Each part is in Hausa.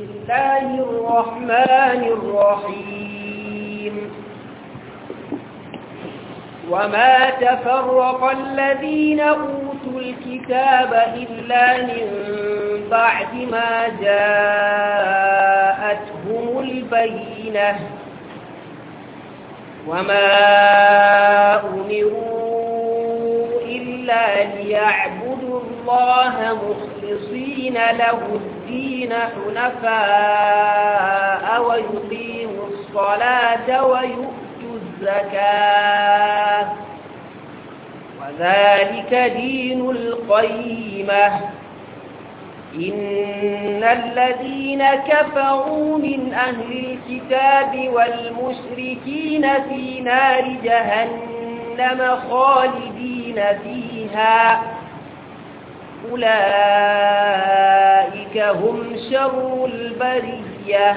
الله الرحمن الرحيم وما تفرق الذين أوتوا الكتاب إلا من بعد ما جاءتهم البينة وما أمروا إلا ليعبدوا الله مخلصين له الدين الدين حنفاء ويقيموا الصلاة ويؤتوا الزكاة وذلك دين القيمة إن الذين كفروا من أهل الكتاب والمشركين في نار جهنم خالدين فيها أولئك هم شر البرية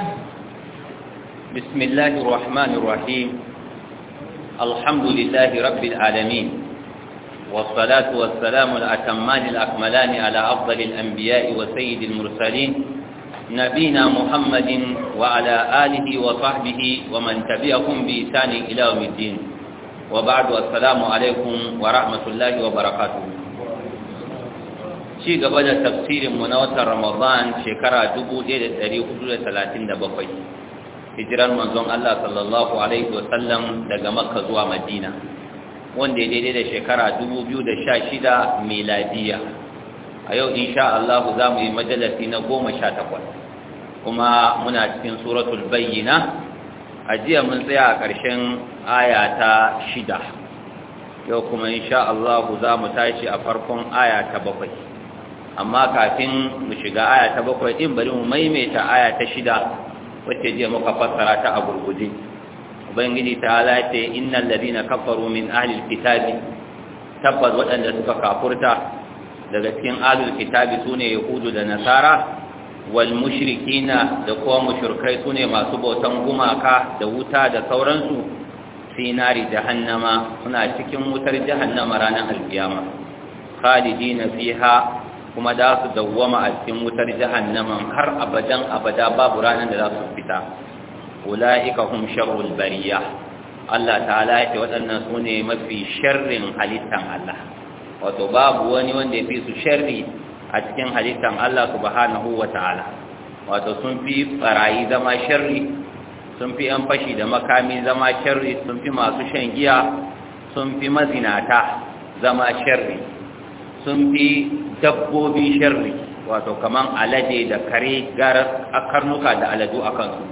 بسم الله الرحمن الرحيم الحمد لله رب العالمين والصلاة والسلام الأتمان الأكملان على أفضل الأنبياء وسيد المرسلين نبينا محمد وعلى آله وصحبه ومن تبعهم بإسان إلى يوم الدين وبعد السلام عليكم ورحمة الله وبركاته ci gaba da tafsirin mu na watan Ramadan shekara 1437 hijiran manzon Allah sallallahu alaihi wasallam daga Makka zuwa Madina wanda ya daidai da shekara 2016 miladiya a yau insha Allah za mu yi majalisi na 18 kuma muna cikin suratul bayyina a jiya mun tsaya a ƙarshen aya ta shida yau kuma insha Allah za mu tashi a farkon aya ta bakwai amma kafin mu shiga aya ta bakwai in bari mu maimaita aya ta shida wacce je muka fassara ta a gurguje ubangiji ta halatta innal ladina kafaru min ahli alkitabi tabbas waɗanda suka kafurta daga cikin ahlul kitabi sune yahudu da nasara wal mushrikina da kuma mushrikai sune masu bautan gumaka da wuta da sauransu sinari jahannama suna cikin wutar jahannama ranar alkiyama khalidina fiha kuma da su dawwama a cikin wutar jahannama har abadan abada babu ranar da za su fita ulaika hum sharrul bariya Allah ta'ala ya ce waɗannan su ne mafi sharrin halittan Allah wato babu wani wanda ya fi su sharri a cikin halittan Allah subhanahu wa ta'ala wato sun fi barayi zama sharri sun fi yan fashi da makami zama sharri sun fi masu shan giya sun fi mazinata zama sharri sun fi dabbobi sharri wato kaman alade da kare gara a karnuka da aladu a kansu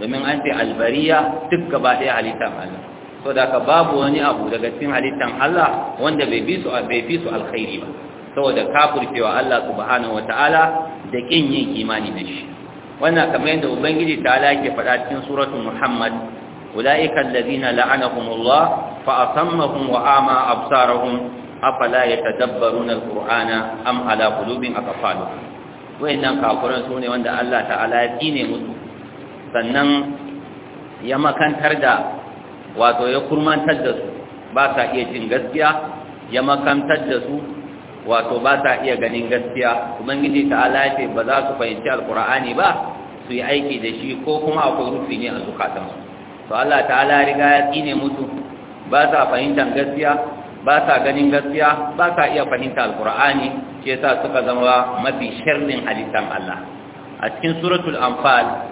domin an fi albariya duk gaba ɗaya halittar Allah so da ka babu wani abu daga cikin halittar Allah wanda bai fi su bai alkhairi ba saboda kafircewa Allah subhanahu wataala da kin yin imani da shi wannan kamar yadda ubangiji ta ala ke faɗa cikin suratul muhammad ulaika allazina la'anahumullah fa asammahum wa ama absarahum afala na alqur'ana am ala qulubin aqfalu wayannan su sune wanda Allah ta'ala ya tsine musu sannan ya makantar da wato ya kurmantar da su ba sa iya jin gaskiya ya makantar da su wato ba sa iya ganin gaskiya ubangiji ta'ala ya ce ba za su fahimci alqur'ani ba su yi aiki da shi ko kuma akwai rufi ne a zukatansu to Allah ta'ala ya riga ya tsine musu ba sa fahimtar gaskiya ba sa ganin gaskiya ba sa iya fahimta alkur'ani ke sa suka zama mafi sharrin halittar Allah a cikin suratul anfal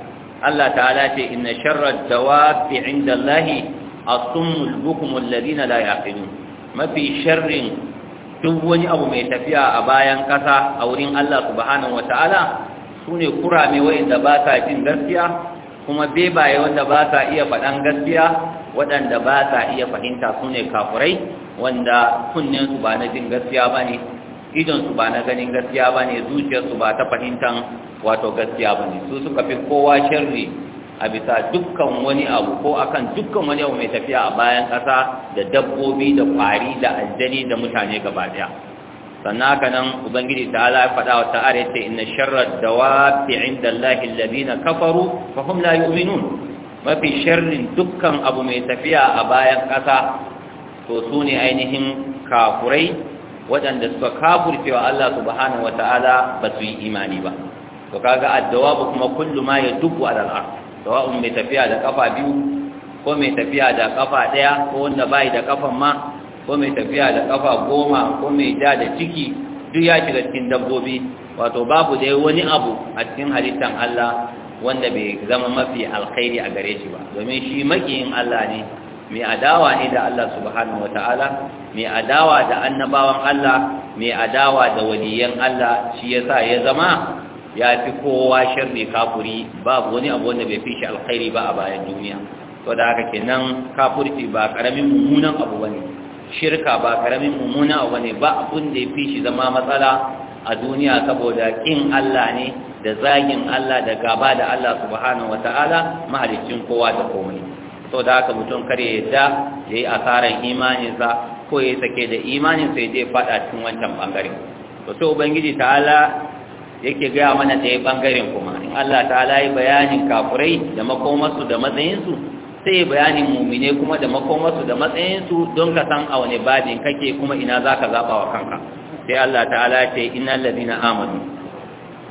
Allah ta'ala ce inna sharrad dawabi inda Allahi as-summul ladina la mafi sharrin duk wani abu mai tafiya a bayan kasa a wurin Allah subhanahu wataala sune kurame wanda ba sa jin gaskiya kuma bebaye wanda ba sa iya faɗan gaskiya waɗanda ba sa iya fahimta sune kafurai wanda kunnen su ba na jin gaskiya ba na ganin gaskiya bane zuciyar su ba ta fahimtar wato gaskiya bane su suka fi kowa shirri a bisa dukkan wani abu ko akan dukkan wani abu mai tafiya a bayan ƙasa da dabbobi da kwari da aljani da mutane gaba daya sannan haka nan ubangiji ta ala faɗa wa ta'ala yace inna sharra dawabi inda allahi alladhina kafaru fa hum la yu'minun mafi sharrin dukkan abu mai tafiya a bayan ƙasa to su ne ainihin kafurai waɗanda suka kafurcewa Allah subhanahu ta'ala ba su yi imani ba to kaga addawa kuma kullu ma yadubu ala al-ard sawa'un mai tafiya da kafa biyu ko mai tafiya da kafa ɗaya, ko wanda bai da kafan ma ko mai tafiya da kafa goma ko mai da da ciki duk ya shiga cikin dabbobi wato babu dai wani abu a cikin halittan Allah wanda bai zama mafi alkhairi a gare shi ba domin shi makiyin Allah ne mai adawa ne da Allah subhanahu ta'ala, mai adawa da annabawan Allah mai adawa da waliyan Allah shi yasa ya zama ya fi kowa sharri kafuri babu wani abu wanda bai fi shi alkhairi ba a bayan duniya to da haka kenan kafurci ba karamin mummunan abu wani, shirka ba karamin mummunan abu wani ba abun da ya fi shi zama matsala a duniya saboda kin Allah ne da zagin Allah da gaba da Allah subhanahu ta'ala mahaliccin kowa da komai to da ka mutum kare ya yadda ya yi asarar imaninsa ko ya sake da imaninsa ya je fada cikin wancan bangare to sai ubangiji ala yake gaya mana ya bangaren kuma in Allah ta ala yi bayanin kafurai da makomarsu da matsayinsu sai bayanin mumine kuma da makomarsu da matsayinsu don ka san a wani babin kake kuma ina za ka zaɓa wa kanka sai Allah ta ta'ala ce inna ladina Amadu.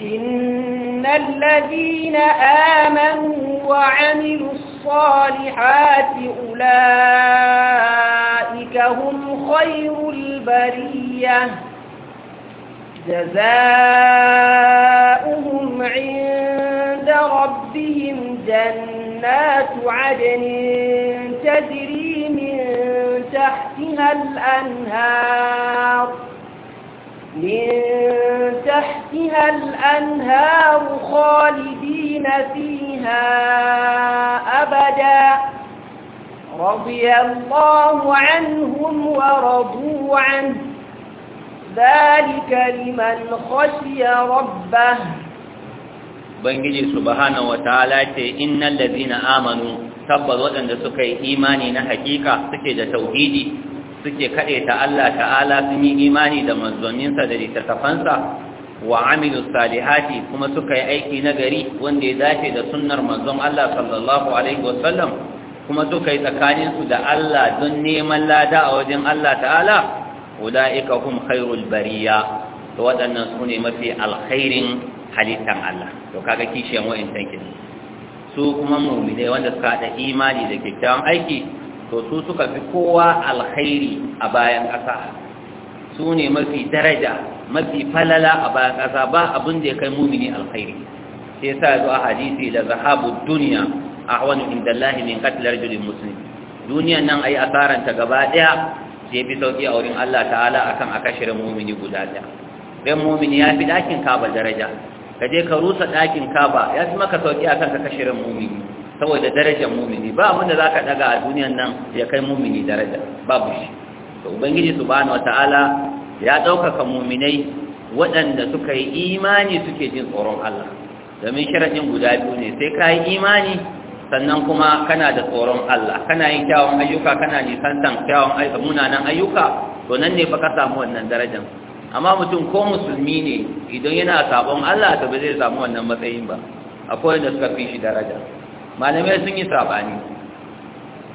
إن الذين آمنوا وعملوا الصالحات أولئك هم خير البرية جزاؤهم عند ربهم جنات عدن تجري من تحتها الأنهار من تحتها الأنهار خالدين فيها أبدا رضي الله عنهم ورضوا عنه ذلك لمن خشي ربه Ubangiji subhanahu Taala ce innal ladina amanu tabbas waɗanda suka yi imani na hakika suke da tauhidi suke kaɗe ta Allah ta'ala sun yi imani da manzoninsa da littattafansa wa amilu salihati kuma suka yi aiki na gari wanda ya dace da sunnar manzon Allah sallallahu alaihi wasallam kuma suka yi tsakaninsu da Allah don neman lada a wajen Allah ta'ala ulaika hum khairul bariya to waɗannan su ne mafi alkhairin halittan Allah to kaga kishiyan wa'in tankin su kuma mu'minai wanda suka haɗa imani da kyakkyawan aiki to su suka fi kowa alkhairi a bayan ƙasa su ne mafi daraja mafi falala a bayan ƙasa ba abin da ya kai mumini alkhairi sai sa zuwa hadisi da zahabu duniya a wani inda lahi min katilar jirgin musulmi Duniya nan a yi ta gaba ɗaya sai fi sauƙi a wurin allah ta'ala akan a kashirin mumini guda ɗaya don mumini ya fi ɗakin kaba daraja ka je ka rusa ɗakin kaba ya fi maka sauƙi akan ka kashirin mumini saboda darajar mumini ba abin za ka daga a duniyan nan ya kai mumini daraja babu shi to ubangiji subhanahu wataala ya ɗaukaka muminai waɗanda suka yi imani suke jin tsoron Allah domin sharaɗin guda biyu ne sai ka yi imani sannan kuma kana da tsoron Allah kana yin kyawun ayyuka kana nisantan kyawun munanan ayyuka to nan ne fa samu wannan darajar amma mutum ko musulmi ne idan yana sabon Allah to ba zai samu wannan matsayin ba akwai wanda suka fi shi daraja malamai sun yi sabani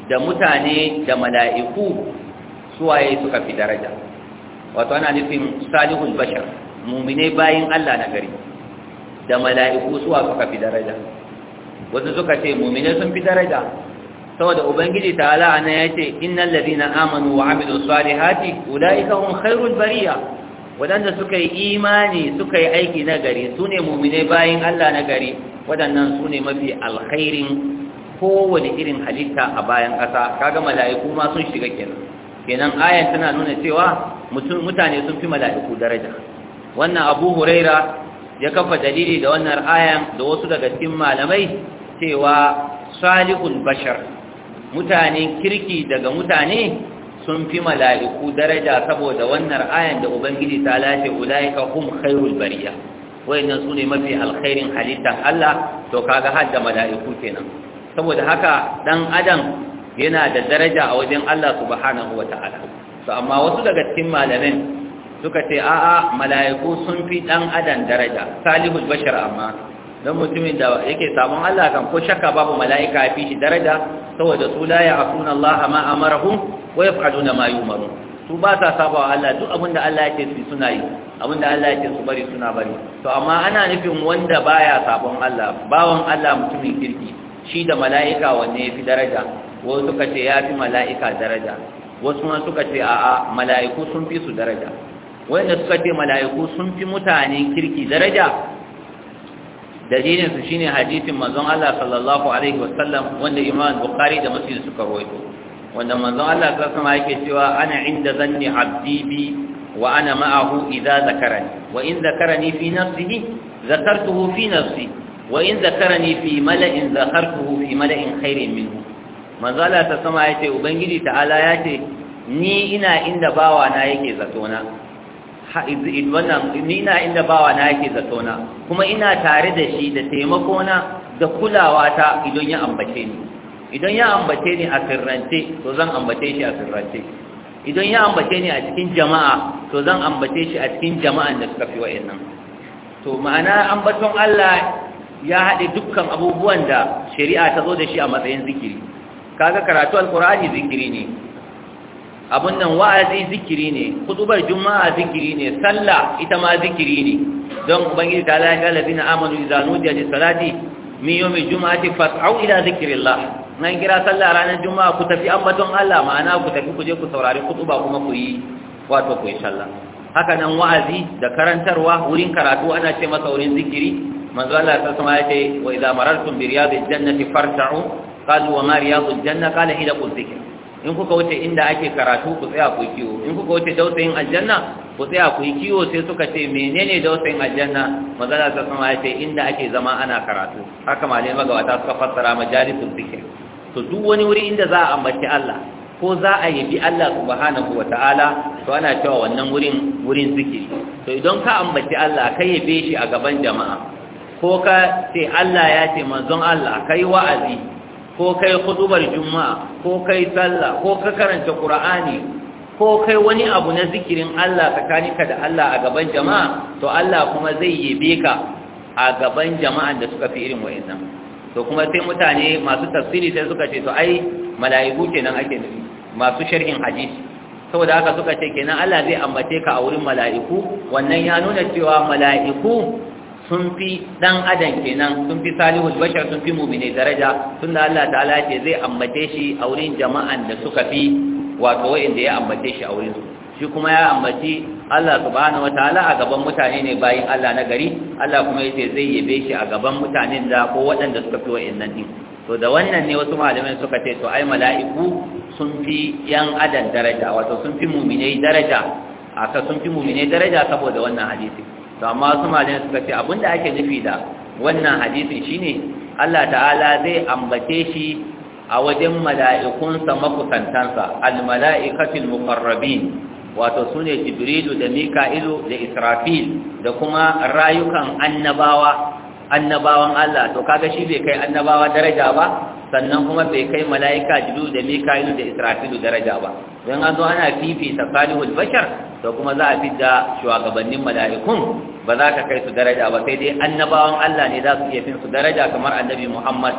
da mutane da mala'iku suwaye suka fi daraja wato ana nufin salihul bashar mummine bayin Allah na gari da mala'iku suwa suka fi daraja wasu suka ce mummine sun fi daraja saboda ubangiji ta ta'ala ana yace innal ladina amanu wa amilus guda ulaika hum khairul bariya waɗanda suka yi imani suka yi aiki na gari su ne mummine bayan Allah na gari waɗannan su ne mafi alkhairin kowane irin halitta a bayan ƙasa kaga mala'iku ma sun shiga kenan kenan ayan tana nuna cewa mutane sun fi mala'iku daraja wannan abu huraira ya kafa dalili da wannan ayan da wasu daga cikin malamai cewa salihul bashar mutane kirki daga mutane sun fi mala'iku daraja saboda wannan ayan da ubangiji ta lashe ulaika hum khairul bariya wayannan su ne mafi alkhairin halittar Allah to kaga har da mala'iku kenan saboda haka dan adam yana da daraja a wajen Allah subhanahu wata'ala to amma wasu daga cikin malamin suka ce a'a mala'iku sun fi dan adam daraja salihul bashar amma don mutumin da yake samun Allah kan ko shakka babu mala'ika fi shi daraja saboda su la ya'suna Allah ma amarahum wa yaf'aluna ma yumarun su ba sa saba wa Allah duk abinda Allah ya yake su suna yi abinda Allah ya yake su bari suna bari to amma ana nufin wanda baya sabon Allah bawan Allah mutumin kirki shi da mala'ika wanne yafi daraja wasu suka ce yafi mala'ika daraja wasu ma suka ce a'a mala'iku sun fi su daraja wanda suka ce mala'iku sun fi mutanen kirki daraja dalilin su shine hadisin manzon Allah sallallahu alaihi wasallam wanda Imam Bukhari da Muslim suka rawaito wanda manzon Allah ta sama yake cewa ana inda zanni abdi bi wa ana ma'ahu idza zakarani wa in zakarani fi nafsihi zakartuhu fi nafsi wa in zakarani fi mala'in zakartuhu fi mala'in khairin minhu manzon Allah ta sama yace ubangiji ta'ala yace ni ina inda bawa na yake zatona ni ina inda bawa na yake zatona kuma ina tare da shi da taimakona da kulawa ta idan ya ambace ni idan ya ambace ni a sirrance to zan ambace shi a sirrance idan ya ambace ni a cikin jama'a to zan ambace shi a cikin jama'an da suka fi wa'annan to ma'ana ambaton Allah ya haɗe dukkan abubuwan da shari'a ta zo da shi a matsayin zikiri kaga karatu alqur'ani zikiri ne abun nan wa'azi zikiri ne kutubar juma'a zikiri ne sallah ita ma zikiri ne don ubangiji ta lafiya labina amanu idza nudiya salati min yawmi juma'ati fas'au ila zikrillah nan kira sallah ranar juma'a ku tafi ambaton Allah ma'ana ku tafi ku je ku saurari kutuba kuma ku yi wato ku yi sallah haka nan wa'azi da karantarwa wurin karatu ana ce masa wurin zikiri manzo Allah ta sama yake wa idza marartum bi riyadil jannati farta'u qalu wa ma riyadul janna qala hiya qul zikr in kuka wuce inda ake karatu ku tsaya ku kiwo in kuka wuce dausayin aljanna ku tsaya ku kiwo sai suka ce menene dausayin aljanna magana ta sama ya ce inda ake zama ana karatu haka malai magawata suka fassara majalisul zikir to duk wani wuri inda za a ambaci Allah ko za a yabi Allah subhanahu wata'ala to ana cewa wannan wurin wurin zikiri to idan ka ambaci Allah ka yabe shi a gaban jama'a ko ka ce Allah ya ce manzon Allah kai wa'azi ko kai hudubar juma'a ko kai sallah ko ka karanta qur'ani ko kai wani abu na zikirin Allah tsakaninka da Allah a gaban jama'a to Allah kuma zai yabe ka a gaban jama'an da suka fi irin wa'annan to kuma sai mutane masu tafsiri sai suka ce to ai mala'iku kenan ake nufi masu sharhin hadisi saboda haka suka ce kenan Allah zai ambace ka a wurin mala'iku wannan ya nuna cewa mala'iku sun fi dan adam kenan sun fi salihu bashar sun fi mu'mini daraja tunda Allah ta'ala ce zai ambace shi a wurin jama'an da suka fi wato da ya ambace shi a wurin su shi kuma ya ambaci Allah subhanahu wataala a gaban mutane ne bayin Allah na gari Allah kuma yace zai yabe shi a gaban mutanen da ko waɗanda suka fi wa'annan din to da wannan ne wasu malamai suka ce to ai mala'iku sun fi yan adan daraja wato sun fi mu'minai daraja aka sun fi mu'minai daraja saboda wannan hadisi to amma wasu malamai suka ce abinda ake nufi da wannan hadisin shine Allah ta'ala zai ambace shi a wajen mala'ikunsa makusantansa al-mala'ikatul muqarrabin wato su ne jibrilu da mika'ilu da israfil da kuma rayukan annabawa annabawan Allah to kaga shi bai kai annabawa daraja ba sannan kuma bai kai mala'ika jibrilu da mika'ilu da israfilu daraja ba don an zo ana fifita salihul bashar to kuma za a fidda shugabannin mala'ikun ba za ka kai su daraja ba sai dai annabawan Allah ne za su iya fin su daraja kamar annabi Muhammad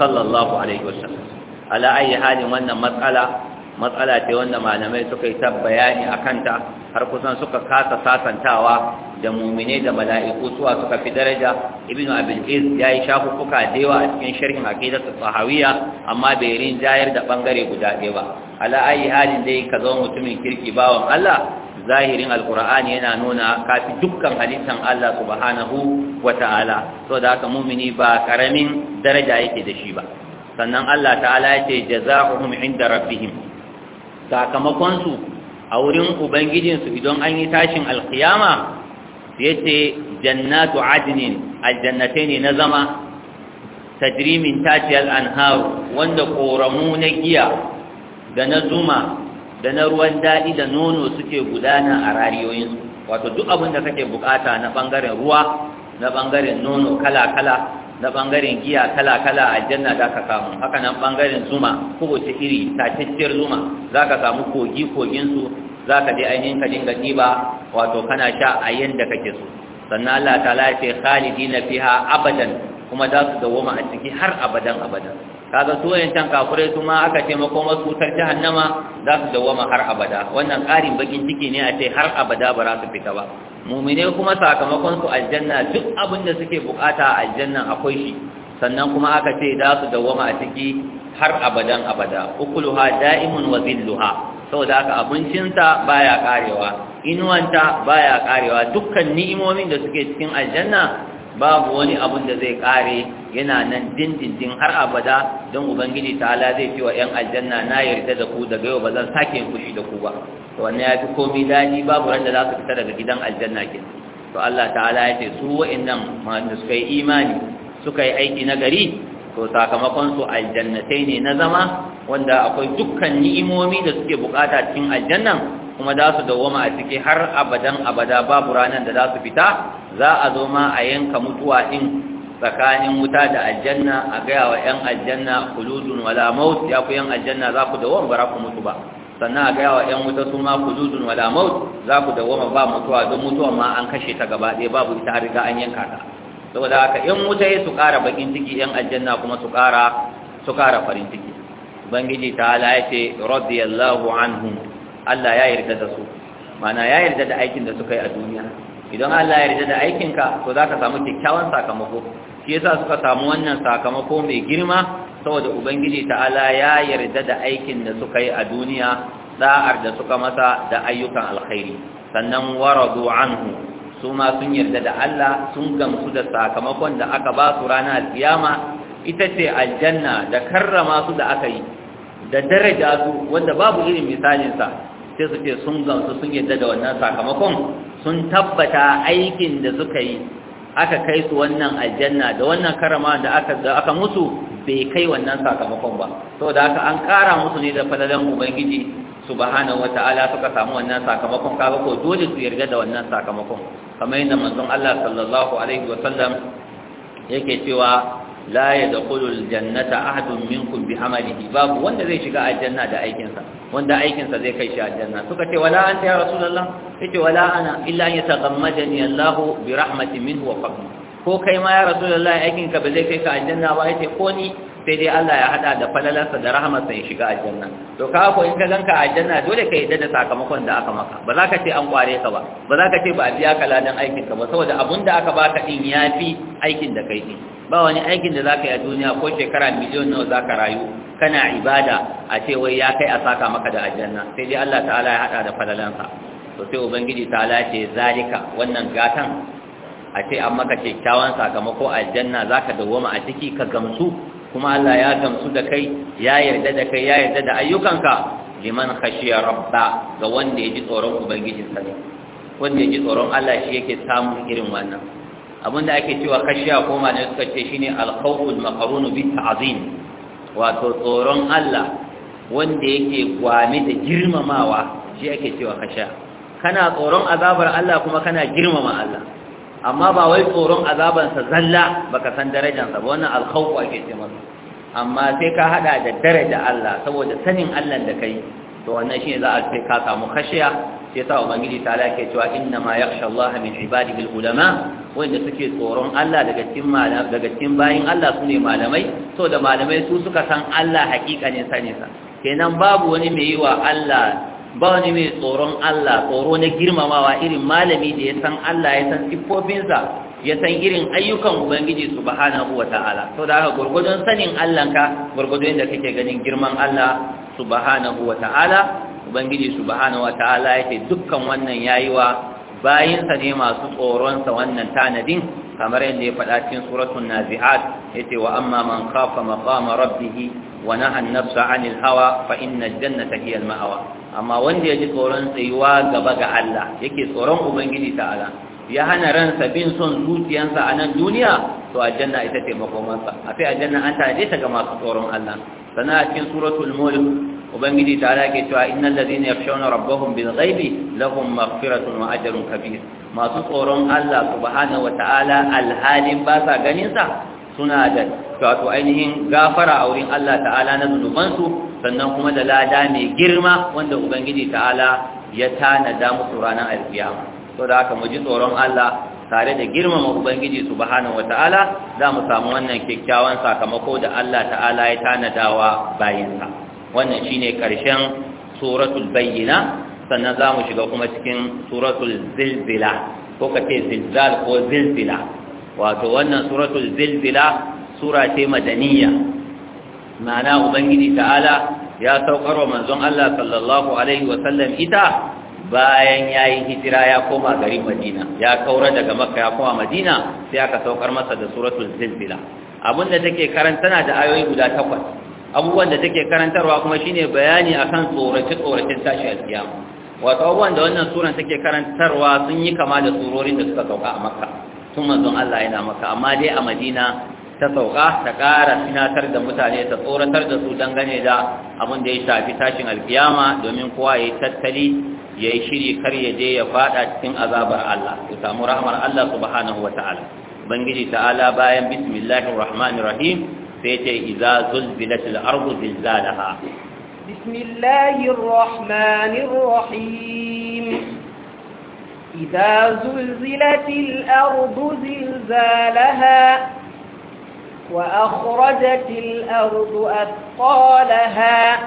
sallallahu alaihi wasallam ala ayi halin wannan matsala matsala ce wanda malamai suka yi bayani a kanta har kusan suka kasa sasantawa da mumine da mala'iku suwa suka fi daraja ibnu abul iz ya yi shafuffuka da yawa a cikin sharhin aqidatu sahawiyya amma bai rinjayar da bangare guda ɗaya ba ala ayi halin dai ka zama mutumin kirki bawan Allah zahirin alkur'ani yana nuna kafi dukkan halittan Allah subhanahu wata'ala so da haka mummini ba karamin daraja yake da shi ba sannan Allah ta'ala ya ce jaza'uhum inda rabbihim sakamakonsu a wurin ubangijinsu idan an yi tashin alkiyama ya jannatu adinin aljannatai ne na zama tajrimin tajiyar anharu wanda koramu na giya da na zuma da na ruwan daɗi da nono suke gudana a rariyoyinsu wato duk abin da kake bukata na ɓangaren ruwa na ɓangaren nono kala-kala na bangaren giya kala-kala a janna za ka samu haka nan bangaren zuma kowace iri tatacciyar zuma za ka samu kogi-koginsu za ka je ainihin ka dinga ɗiba wato kana sha a yadda kake so sannan Allah ta lafi khalidi na fiha abadan kuma za su dawoma a ciki har abadan abadan kaga su wayancan kafure su ma aka ce mako masu wutar jahannama za su dawwama har abada wannan ƙarin bakin ciki ne a ce har abada ba za su fita ba mumine kuma sakamakon su aljanna duk abin da suke bukata a aljanna akwai shi sannan kuma aka ce za su dawwama a ciki har abadan abada ukuluha da'imun wa zilluha saboda haka ta baya karewa inuwanta baya karewa dukkan ni'imomin da suke cikin aljanna babu wani abun da zai kare yana nan dindindin har abada don ubangiji ta'ala zai ce wa yan aljanna na yarda da ku daga yau ba zan sake yin kushi da ku ba to ya yafi komai daɗi babu ran da za su fita daga gidan aljanna ke to Allah ta'ala ya ce su wa'annan wanda suka yi imani suka yi aiki na gari to sakamakon su aljannatai ne na zama wanda akwai dukkan ni'imomi da suke bukata cikin aljannan kuma za su dawwama a ciki har abadan abada babu ranar da za su fita za a zo ma a yanka mutuwa in tsakanin wuta da aljanna a gaya wa 'yan aljanna kuludun wala maut ya ku 'yan aljanna za ku dawwama ba ku mutu ba sannan a gaya wa 'yan wuta su ma kuludun wala maut za ku dawwama ba mutuwa don mutuwa ma an kashe ta gaba ɗaya babu ita riga an yanka ta saboda haka 'yan wuta ya su ƙara bakin ciki 'yan aljanna kuma su ƙara su ƙara farin ciki ubangiji ta ala ce radiyallahu anhum Allah ya yarda da su mana ya yarda da aikin da suka yi a duniya idan Allah ya yarda da aikinka to za ka samu kyakkyawan sakamako shi yasa suka samu wannan sakamako mai girma saboda ubangiji ta'ala ya yarda da aikin da suka yi a duniya da'ar da suka masa da ayyukan alkhairi sannan waradu anhu su ma sun yarda da Allah sun gamsu da sakamakon da aka ba su ranar alkiyama ita ce aljanna da karrama su da aka yi da daraja su wanda babu irin misalinsa sai su ce sun gamsu sun yadda da wannan sakamakon sun tabbata aikin da suka yi aka kai su wannan aljanna da wannan karama da aka musu bai kai wannan sakamakon ba da aka an kara musu ne da fadalan ubangiji subhanahu wataala suka samu wannan sakamakon kaga ko dole su yarda da wannan sakamakon kamar yadda manzon Allah sallallahu alaihi wasallam yake cewa la yadkhulul jannata ahadun minkum bi'amalihi babu wanda zai shiga aljanna da aikinsa wanda aikinsa zai kai shi aljanna suka ce wala anta ya rasulullah yace wala ana illa an yataghammadani Allah bi rahmatin minhu wa fadli ko kai ma ya rasulullah aikinka ba zai kai ka aljanna ba yace ko ni sai dai Allah ya hada da falalarsa da rahamarsa ya shiga aljanna to ka ko in ka ganka aljanna dole ka yadda da sakamakon da aka maka ba za ka ce an kware ka ba ba za ka ce ba a biya ka ladan aikin ka ba saboda abun da aka baka din yafi aikin da kai din ba wani aikin da zaka yi a duniya ko shekara miliyon nawa zaka rayu kana ibada a ce wai ya kai a saka maka da aljanna sai dai Allah ta'ala ya hada da falalansa to sai ubangiji ta'ala ce zalika wannan gatan a ce an maka kyakkyawan sakamako aljanna zaka dawwama a ciki ka gamsu kuma Allah ya gamsu da kai ya yarda da kai ya yarda da ayyukanka liman khashiya rabba ga wanda ya ji tsoron ubangijin sa ne wanda ya ji tsoron Allah shi yake samun irin wannan abinda ake cewa khashiya ko ma ne suka ce shine al-khawful maqrun bi ta'zim wato tsoron Allah wanda yake gwami da girmamawa shi ake cewa khashiya kana tsoron azabar Allah kuma kana girmama Allah amma ba wai tsoron azabansa zalla baka san darajansa ba wannan alkhawfu ake ce masa amma sai ka hada da daraja Allah saboda sanin Allah da kai to wannan shine za a ce ka samu khashiya sai sa ubangiji ta ke cewa inna ma yakhsha Allah min ibadihi ulama wanda suke tsoron Allah daga cikin malamai daga cikin bayin Allah sune malamai so da malamai su suka san Allah ne sanin sa kenan babu wani mai yi wa Allah ba wani mai tsoron Allah tsoro na girmamawa irin malami da ya san Allah ya san siffofinsa ya san irin ayyukan ubangiji subhanahu wata'ala to da haka gurgudun sanin Allah ka gurgudun da kake ganin girman Allah subhanahu wata'ala ubangiji subhanahu wata'ala yake dukkan wannan yayi wa bayinsa ne masu tsoronsa wannan tanadin kamar yadda ya faɗa cikin suratul nazi'at yace wa amma man khafa maqama rabbih ونهى النفس عن الهوى فإن الجنة هي المأوى Amma wanda ya ji tsoron tsayuwa gaba ga Allah, yake tsoron ya hana ransa bin son zuciyarsa a nan duniya to aljanna ita ce makomansa a fi aljanna an tare ta ga masu tsoron Allah sannan a cikin suratul mulk ubangiji ta ala ke cewa innal ladina yakhshawna rabbahum bil ghaibi lahum maghfiratun wa ajrun kabir masu tsoron Allah subhanahu wa ta'ala alhalin ba sa ganin sa suna da wato ainihin gafara a wurin Allah ta'ala na zunubansu sannan kuma da lada mai girma wanda ubangiji ta'ala ya tanada musu ranar alkiyama So da haka mu ji tsoron Allah tare da girmama ubangiji wa Ta'ala, za mu samu wannan kyakkyawan sakamako da Allah ta'ala ya tanadawa bayansa wannan shine karshen suratul bayyana sannan za mu shiga kuma cikin suratul zilzila ko kace zilzal ko zilzila wato wannan suratul zilzila sura ce madaniya ma'ana ubangiji ta'ala ya saukar wa manzon Allah sallallahu alaihi wa sallam ita bayan yayi hijira ya koma garin Madina ya kaura daga Makka ya koma Madina sai aka saukar masa da suratul zilzila abinda take karantana da ayoyi guda takwas abubuwan da take karantarwa kuma shine bayani akan tsorace tsoracin tashi alkiyama wato abubuwan da wannan suran take karantarwa sun yi kama da surorin da suka sauka a Makka tun manzon Allah yana maka amma dai a Madina ta sauka ta kara sinatar da mutane ta tsoratar da su dangane da abin da ya shafi tashin alkiyama domin kowa ya yi tattali ya yi shiri kar ya je ya fada cikin azabar Allah ku samu Allah subhanahu wa ta'ala bangiji ta'ala bayan bismillahir rahmanir rahim sai ce idza zulzilatil ardu zilzalaha bismillahir rahmanir rahim إذا زلزلت الأرض زلزالها وأخرجت الأرض أثقالها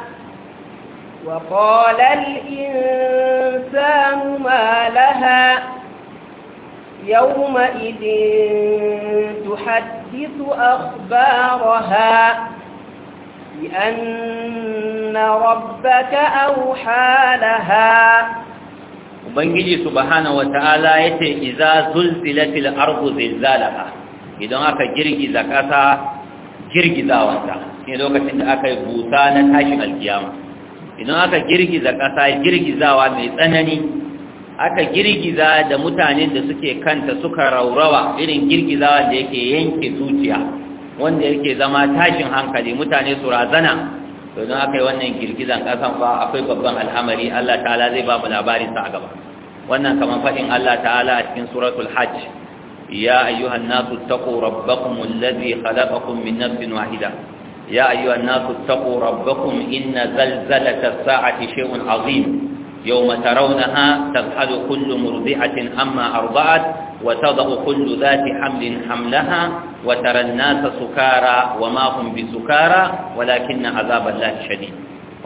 وقال الإنسان ما لها يومئذ تحدث أخبارها بأن ربك أوحى لها ubangiji subhanahu wataala yace idza zulzilatil ardu zilzalaha idan aka girgiza kasa girgizawanta ne lokacin da aka yi busa na tashin alkiyama idan aka girgiza kasa girgizawa mai tsanani aka girgiza da mutanen da suke kanta suka raurawa irin girgizawa da yake yanke zuciya wanda yake zama tashin hankali mutane su razana to idan aka yi wannan girgizan kasan fa akwai babban al'amari Allah ta'ala zai ba mu labarin sa a gaba wannan kamar fadin Allah ta'ala a cikin suratul hajj ya ayyuhan nasu taqu rabbakum alladhi khalaqakum min nafsin wahida ya ayyuhan nasu taqu rabbakum inna zalzalata as-sa'ati shay'un 'azim yawma tarawnaha tadhhalu kullu murdi'atin amma arda'at wa tadhu kullu dhati hamlin hamlaha wa taran nasa sukara wa ma hum bisukara walakinna 'adhaballahi shadid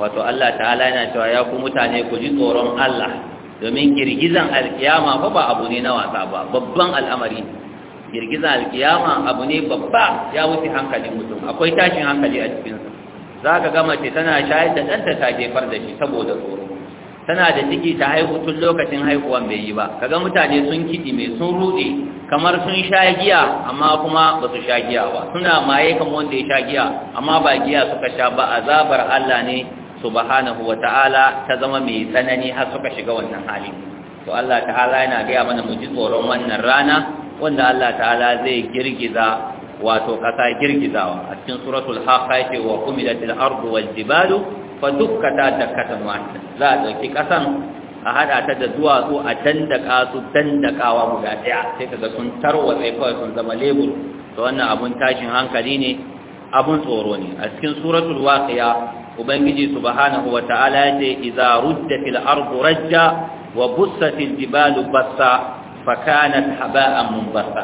wato Allah ta'ala yana cewa ya ku mutane ku ji tsoron Allah domin girgizan alkiyama fa ba abu ne na wasa ba babban al'amari girgizan alkiyama abu ne babba ya wuce hankalin mutum akwai tashin hankali a cikinsa za ka gama ce tana shayar da ɗanta ta jefar da shi saboda tsoro tana da ciki ta haihu tun lokacin haihuwan bai yi ba kaga mutane sun kiɗi mai sun ruɗe kamar sun sha giya amma kuma ba su sha giya ba suna maye kamar wanda ya sha giya amma ba giya suka sha ba azabar Allah ne subhanahu wa ta'ala ta zama mai tsanani har suka shiga wannan hali to Allah ta'ala yana gaya mana mu ji tsoron wannan rana wanda Allah ta'ala zai girgiza wato kasa girgizawa a cikin suratul haqa yake wa kumilatil ardu wal jibalu fa dukkata wahida za a dauki kasan a hada ta da duwatsu a dandaka su dandakawa guda daya sai kaga sun tarwatsa kawai sun zama lebur to wannan abun tashin hankali ne abun tsoro ne a cikin suratul waqiya ubangiji subhanahu wa ta'ala ce idza rudda fil ardi rajja wa bussatil jibalu bassa fakanat haba'an munbassa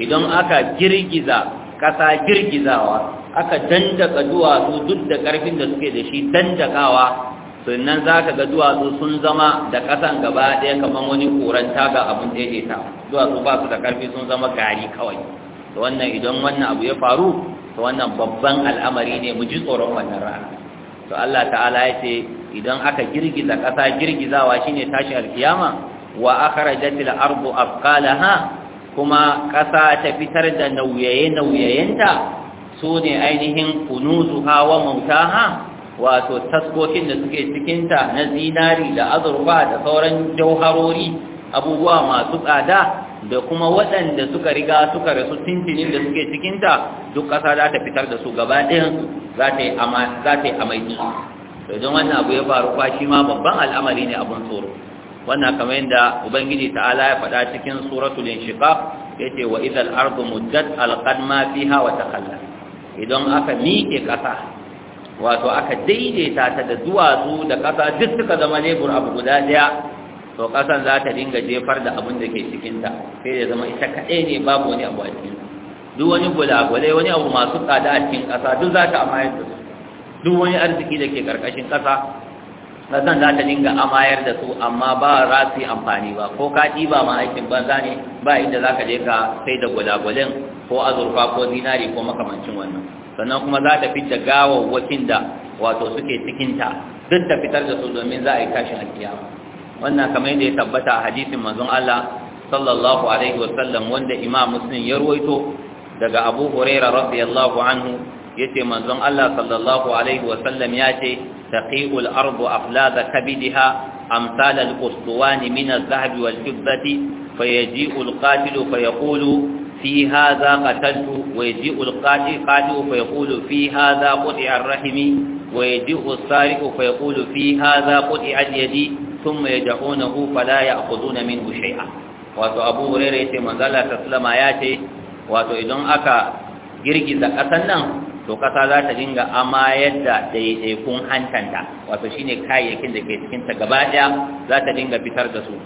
idan aka girgiza kasa girgizawa aka dandaka duwatsu duk da karfin da suke da shi dandakawa sannan zaka ga duwatsu sun zama da kasan gaba ɗaya kamar wani koran taga abin daidaita duwatsu ba su da karfi sun zama gari kawai wannan idan wannan abu ya faru to wannan babban al'amari ne mu ji tsoron wannan rana to Allah ta'ala ya ce idan aka girgiza ƙasa girgizawa shine tashi alkiyama wa akhrajatil ardu afqalaha kuma ƙasa ta fitar da nauyaye nauyayenta su ne ainihin kunuzuha wa mautaha wato taskokin da suke cikinta na zinari da azurfa da sauran jauharori abubuwa masu tsada da kuma waɗanda suka riga suka rasu tintinin da suke cikinta duk ƙasa za ta fitar da su gaba ɗayan za ta yi amai su don wannan abu ya faru kwashi ma babban al'amari ne abin tsoro wannan kamar yadda ubangiji ta'ala ya faɗa cikin suratul inshiqaq yace wa idhal ardu muddat alqad ma fiha wa takhallat idan aka miƙe ƙasa wato aka daidaita ta da duwatsu da ƙasa duk suka zama lebur abu guda ɗaya to kasan za ta dinga jefar da abin da ke cikinta sai da zama ita kaɗai ne babu wani abu a cikin duk wani gulagulai wani abu masu tsada a cikin ƙasa duk za ta amayar da su duk wani arziki da ke ƙarƙashin ƙasa kasan za ta dinga amayar da su amma ba za su yi amfani ba ko ka ɗiba ma aikin banza ne ba inda za ka je ka sai da gwalagwalen ko azurfa ko zinari ko makamancin wannan sannan kuma za ta fitar gawawwakin da wato suke cikinta duk ta fitar da su domin za a yi tashin alkiyama wannan kamar yadda ya tabbata a hadisin manzon Allah sallallahu alaihi wasallam wanda Imam Muslim ya ruwaito daga Abu Hurairah radiyallahu anhu yace manzon Allah sallallahu alaihi wasallam yace taqiul ardu aflada kabidha amsal al-quswan min az-zahab wal-fiddati fayaji'u al-qatilu fayaqulu في هذا قتلت ويجيء القاتل قاتل فيقول في هذا قطع الرحم ويجيء السارق fi في هذا قطع اليد thumma yad'unahu fala ya'khuduna minhu shay'a wato Abu Hurairah yace Manzala ta sallama ya ce wato idan aka girgiza kasan nan to kasa za ta dinga amayar da daidaikun hantanta wato shine kayayyakin da ke cikin ta gaba daya za ta dinga fitar da su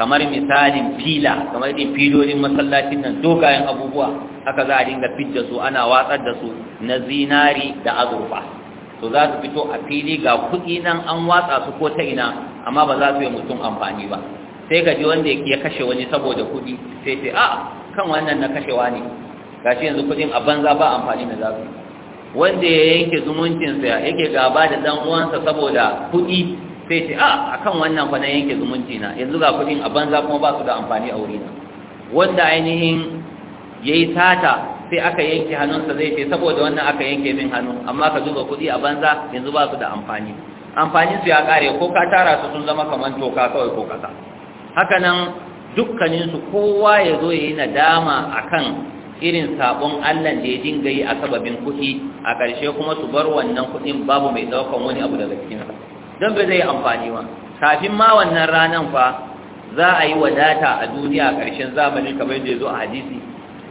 kamar misalin fila kamar irin filolin masallacin nan dogayen abubuwa haka za a dinga fidda su ana watsar da su na zinari da azurfa to za su fito a fili ga kuɗi nan an watsa su ko ta ina amma ba za su yi mutum amfani ba sai ka ji wanda ya kashe wani saboda kuɗi sai sai a ah, kan wannan na kashewa ne gashi yanzu kuɗin a banza ba amfani da zafi wanda ya yanke zumuncinsa yake gaba da dan uwansa saboda kuɗi sai sai ah, a akan wannan fa na yanke zumunci na yanzu ga kuɗin a banza kuma ba su da amfani a wurina wanda ainihin yayi sata sai aka yanke hannunsa zai ce saboda wannan aka yanke min hannu amma ka zuba kuɗi a banza yanzu ba su da amfani Amfaninsu ya kare ko ka tara su sun zama kamar toka kawai ko kasa haka nan dukkanin kowa ya zo yayi nadama a kan irin sabon Allah da ya dinga yi a sababin kuɗi a ƙarshe kuma su bar wannan kuɗin babu mai ɗaukan wani abu daga cikinsa don bai zai amfani ba kafin ma wannan ranan fa za a yi wadata a duniya a ƙarshen zamani kamar da ya zo a hadisi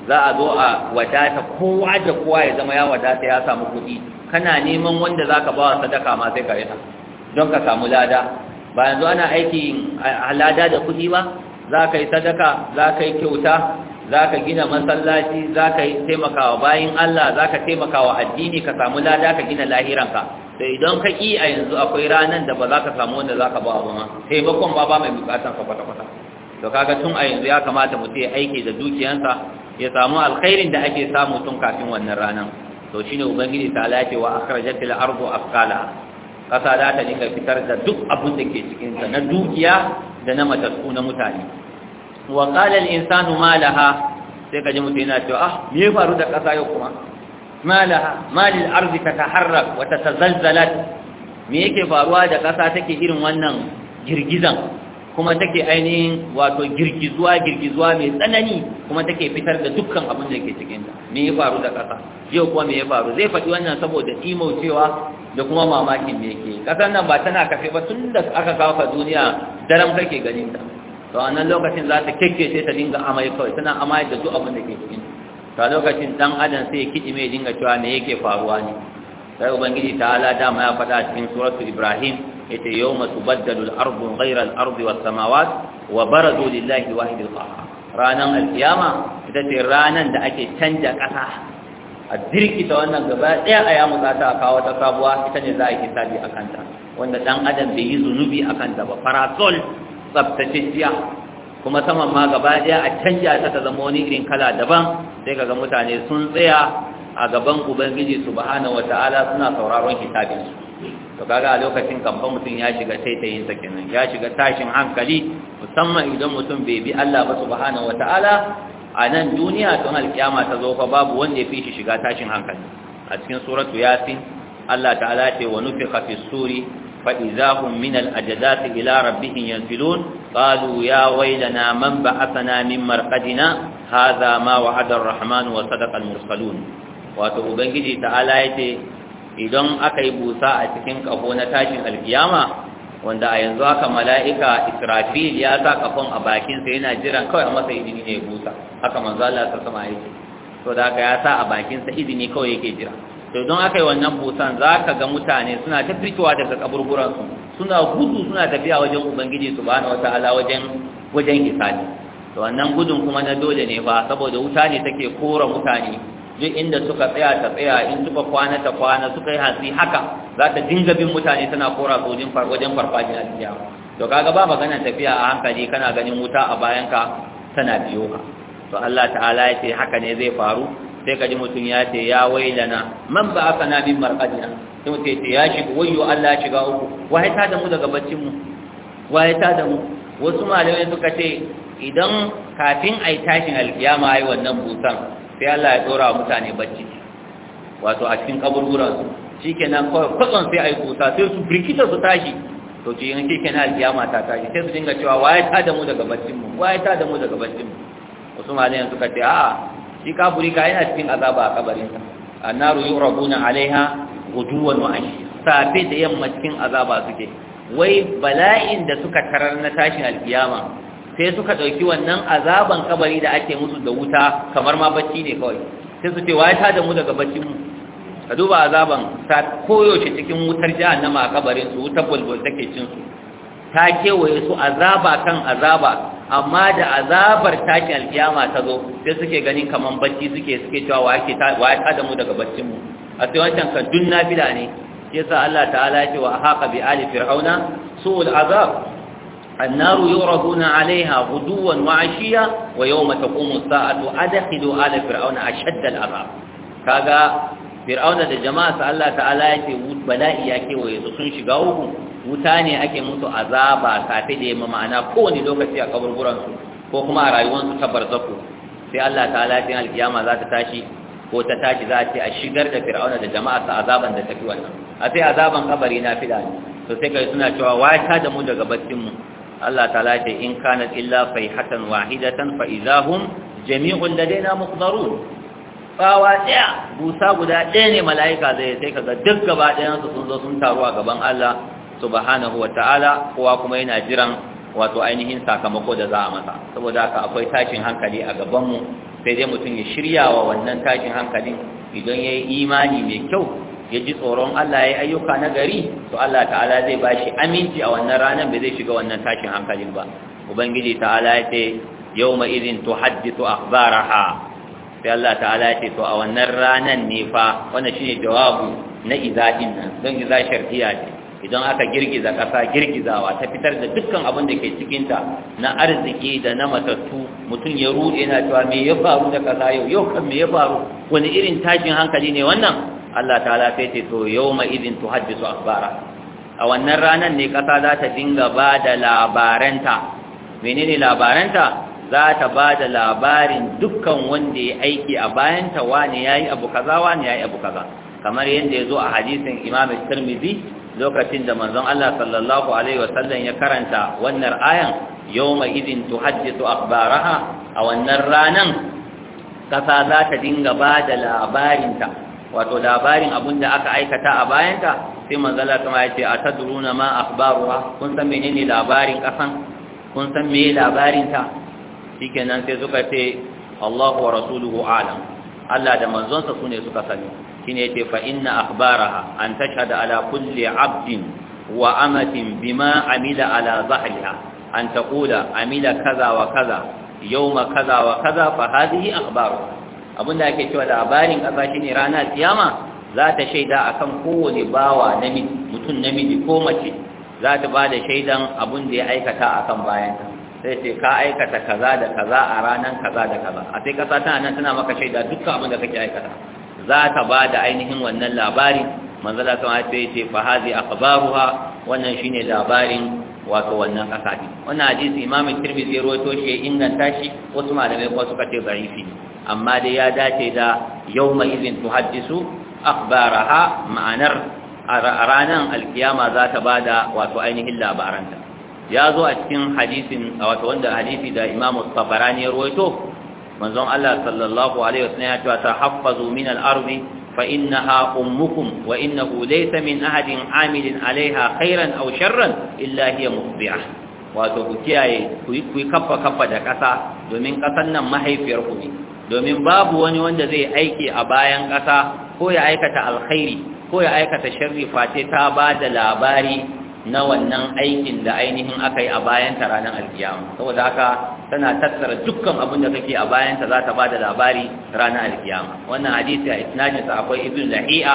za a zo a wadata kowa da kowa ya zama ya wadata ya samu kuɗi kana neman wanda za ka ba wa sadaka ma sai ka yi ta? don ka samu lada ba yanzu ana aiki a lada da kuɗi ba za ka yi sadaka za ka yi kyauta za ka gina masallaci za ka yi taimakawa bayan Allah za ka wa addini ka samu lada ka gina lahiranka da idan ka ƙi a yanzu akwai ranar da ba za ka samu wanda za ka ba ba ma taimakon ba ba mai bukatan ka kwata-kwata to kaga tun a yanzu ya kamata mutum ya aiki da dukiyansa ya samu alkhairin da ake samu tun kafin wannan ranar to shine ubangiji ta lafi wa akhrajatil ardu afqala kasa da ta dinga fitar da duk abin da ke cikin ta na dukiya da na matattu na mutane wa qala al insanu ma laha sai kaji mutum yana cewa ah me ya faru da kasa yau kuma ma laha ma lil ardi tataharrak wa tatazalzalat me yake faruwa da kasa take irin wannan girgizan kuma take ainihin wato girgizuwa girgizuwa mai tsanani kuma take fitar da dukkan abin da ke cikinta me ya faru da ƙasa yau kuma me ya faru zai faɗi wannan saboda cewa da kuma mamakin me yake ƙasar nan ba tana kafe ba tun da aka kawo duniya daram kake ganin ta to a nan lokacin za ta sai ta dinga amai kawai tana amai da duk abin da ke cikin ta lokacin dan adam sai ya kiɗi mai dinga cewa me yake faruwa ne sai ubangiji ta ala dama ya faɗa cikin suratul ibrahim yace yawma tubaddalu al-ardu ghayra al-ardi was wa baradu lillahi wahid qahhar ranan al-qiyama ita ce ranan da ake canja kasa a dirkita wannan gaba daya a yamu za ta kawo ta sabuwa ita ne za a yi hisabi a kanta wanda dan adam bai yi zunubi a kanta ba farasol tsaftatacciya kuma saman ma gaba daya a canja ta ta zama wani irin kala daban sai kaga mutane sun tsaya a gaban ubangiji subhanahu wataala suna sauraron kitabinsu. to kaga a lokacin kamfa mutum ya shiga taitayin sa kenan ya shiga tashin hankali musamman idan mutum bai bi Allah ba subhanahu wataala a nan duniya tun alkiyama ta zo fa babu wanda ya fi shi shiga tashin hankali a cikin suratu yasin Allah ta'ala ce wa nufiqa fi suri fa idza hum min al ajdath ila rabbihim yanfilun qalu ya waylana man ba'athana min marqadina hadha ma wa'ada ar-rahman wa sadaqa al mursalun wato ubangiji ta'ala yace idan aka yi busa a cikin ƙaho na tashin alkiyama wanda a yanzu haka mala'ika israfil ya sa kafon a bakinsa yana jiran kawai a masa izini ne busa haka manzo Allah ta sama yake to da haka ya sa a bakinsa izini kawai yake jira to idan aka yi wannan busan za ka ga mutane suna ta fitowa daga kaburburansu suna gudu suna tafiya wajen ubangiji su subhanahu wataala wajen wajen hisabi to wannan gudun kuma na dole ne ba saboda wuta ne take kora mutane duk inda suka tsaya ta tsaya in suka kwana ta kwana suka yi hatsi haka za ta dinga bin mutane tana kora su wajen farfajiyar jiya to kaga ba magana tafiya a hankali kana ganin wuta a bayanka tana biyo ka to Allah ta'ala ya ce haka ne zai faru sai ka ji mutum ya ce ya wailana man ba aka na bin marqadina sai mutum ya ce ya shiga wayo Allah shiga uku Wa ta da mu daga baccin mu Wa ta da mu wasu malamai suka ce idan kafin ai tashin alkiyama ai wannan busan sai Allah ya dora mutane bacci wato a cikin kaburburan su shikenan kawai kwatsan sai ai kusa sai su brikita su tashi to ji yanke kenan alkiyama ta tashi sai su dinga cewa waye ta da mu daga baccin mu waye ta da mu daga baccin mu wasu malayan ka ce a'a shi kaburi ka yana cikin azaba a kabarinsa annaru yurabuna alaiha guduwan wa ashi safe da yamma cikin azaba suke wai bala'in da suka tarar na tashin alkiyama sai suka ɗauki wannan azaban kabari da ake musu da wuta kamar ma bacci ne kawai sai su ce wa ya da mu daga bacci mu ka duba azaban ta koyaushe cikin wutar jahannama a kabarin su wutar bulbul take cin su ta kewaye su azaba kan azaba amma da azabar takin alkiyama ta zo sai suke ganin kamar bacci suke suke cewa wa ake wa ya da mu daga baccin mu a sai wancan kan dunna bila ne yasa Allah ta'ala ya ce wa haqa bi ali fir'auna su'ul azab النار يعرضون عليها غدوا وعشيا ويوم تقوم الساعة أدخلوا آل فرعون أشد العذاب كذا فرعون da jama'a su Allah ta'ala ya yake bala'i ya ke waye su sun shiga uku wuta ne ake musu azaba safe da yamma ma'ana kowane lokaci a kaburburan ko kuma a rayuwar su ta barzaku sai Allah ta'ala ya alkiyama za ta tashi ko ta tashi za a ce a shigar da fir'auna da jama'a jama'arsa azaban da tafi wannan a sai azaban kabari na fida ne to sai kai suna cewa wata da mu daga baccinmu. Allah ta'ala ce in kanat illa fayhatan wahidatan fa idahum jami'un ladaina muqdarun bawa daya busa guda daya ne malaika zai sai kaga duk gaba ɗayan su sun zo sun taru a gaban Allah subhanahu wata'ala kowa kuma yana jiran wato ainihin sakamako da za a masa saboda haka akwai tashin hankali a gaban mu sai dai mutum ya shirya wa wannan tashin hankalin idan yayi imani mai kyau Yaji tsoron Allah ya ayyuka na gari to Allah ta'ala zai bashi shi aminci a wannan ranar bai zai shiga wannan tashin hankalin ba ubangiji ta'ala ya ce yau ma izin akhbaraha sai Allah ta'ala ya ce to a wannan ranar ne fa wannan shine jawabu na izahin nan don iza shartiya ce idan aka girgiza kasa girgizawa ta fitar da dukkan abin da ke cikin ta na arziki da na matattu mutum ya rude yana cewa me ya faru da kasa yau yau kan me ya faru wani irin tashin hankali ne wannan Allah ta'ala sai ce to yawma idin tuhaddisu akhbara a wannan ranar ne kasa za ta dinga ba da labaranta menene labaranta za ta ba da labarin dukkan wanda ya aiki a bayanta wani yi abu kaza wani yi abu kaza kamar yadda ya zo a hadisin Imam Tirmidhi lokacin da manzon Allah sallallahu alaihi wasallam ya karanta wannan ayan yawma idin tuhaddisu akhbaraha a wannan ranan kasa za ta dinga ba da labarinta wato labarin abun da aka aikata a bayanta sai manzala kama ya ce a ta duruna ma akhbaruha kun san menene labarin kasan kun san me labarin ta shikenan sai suka ce Allahu wa rasuluhu alam Allah da manzonsa su ne suka sani shine yace fa inna akhbaraha an tashhada ala kulli abdin wa amatin bima amila ala zahriha an taqula amila kaza wa kaza yawma kaza wa kaza fa hadhihi akhbaruha abinda ake cewa labarin ƙasa shine ranar kiyama za ta shaida akan kowane bawa namiji mutum namiji ko mace za ta ba da shaidan abin da ya aikata akan bayanta sai ce ka aikata kaza da kaza a ranan kaza da kaza a sai ƙasa tana nan tana maka shaida dukkan abin da kake aikata za ta ainihin wannan labarin manzala sama a ce fa hazi akhbaruha wannan shine labarin wato wannan kasa din wannan hadisi imam tirmidhi ya rawaito shi ya inganta shi wasu malamai kuma suka ce da'ifi amma dai ya dace da yawma idin tuhaddisu akhbaraha ma'anar a ranar alkiyama za ta ba da wato ainihin labaranta ya zo a cikin hadisin wato wanda hadisi da imamu tabarani ya ruwaito manzon Allah sallallahu alaihi wasallam ya ce ta haffazu min al-ardi فإنها أمكم وإنه ليس من أحد عامل عليها خيرا أو شرا إلا هي مطبعة wato ku kiyaye ku yi kafa kafa da ƙasa domin ƙasan nan mahaifiyar ku ne domin babu wani wanda zai aiki a bayan ƙasa ko ya aikata alkhairi ko ya aikata sharri face ta ba da labari na wannan aikin da ainihin aka yi a bayanta ranar alkiyama saboda haka tana tattara dukkan abin da kake a bayanta za ta bada labari ranar alkiyama wannan hadisi a isnadinsa akwai ibn lahi'a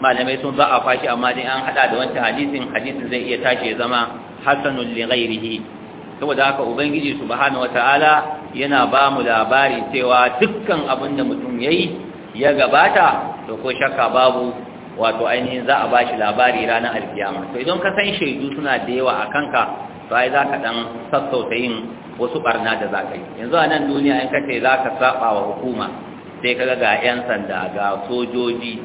malamai sun ba a fashi amma dai an hada da wancan hadisin hadisin zai iya tashi ya zama hasanun li saboda haka ubangiji subhanahu wataala yana ba mu labari cewa dukkan abin da mutum yayi ya gabata to ko shakka babu wato ainihin za a bashi labari ranar alkiyama to idan ka san shaidu suna da yawa a kanka to ai za ka dan sassauta yin wasu barna da za ka yi yanzu a nan duniya in ka ce za ka saba wa hukuma sai ka ga 'yan sanda ga sojoji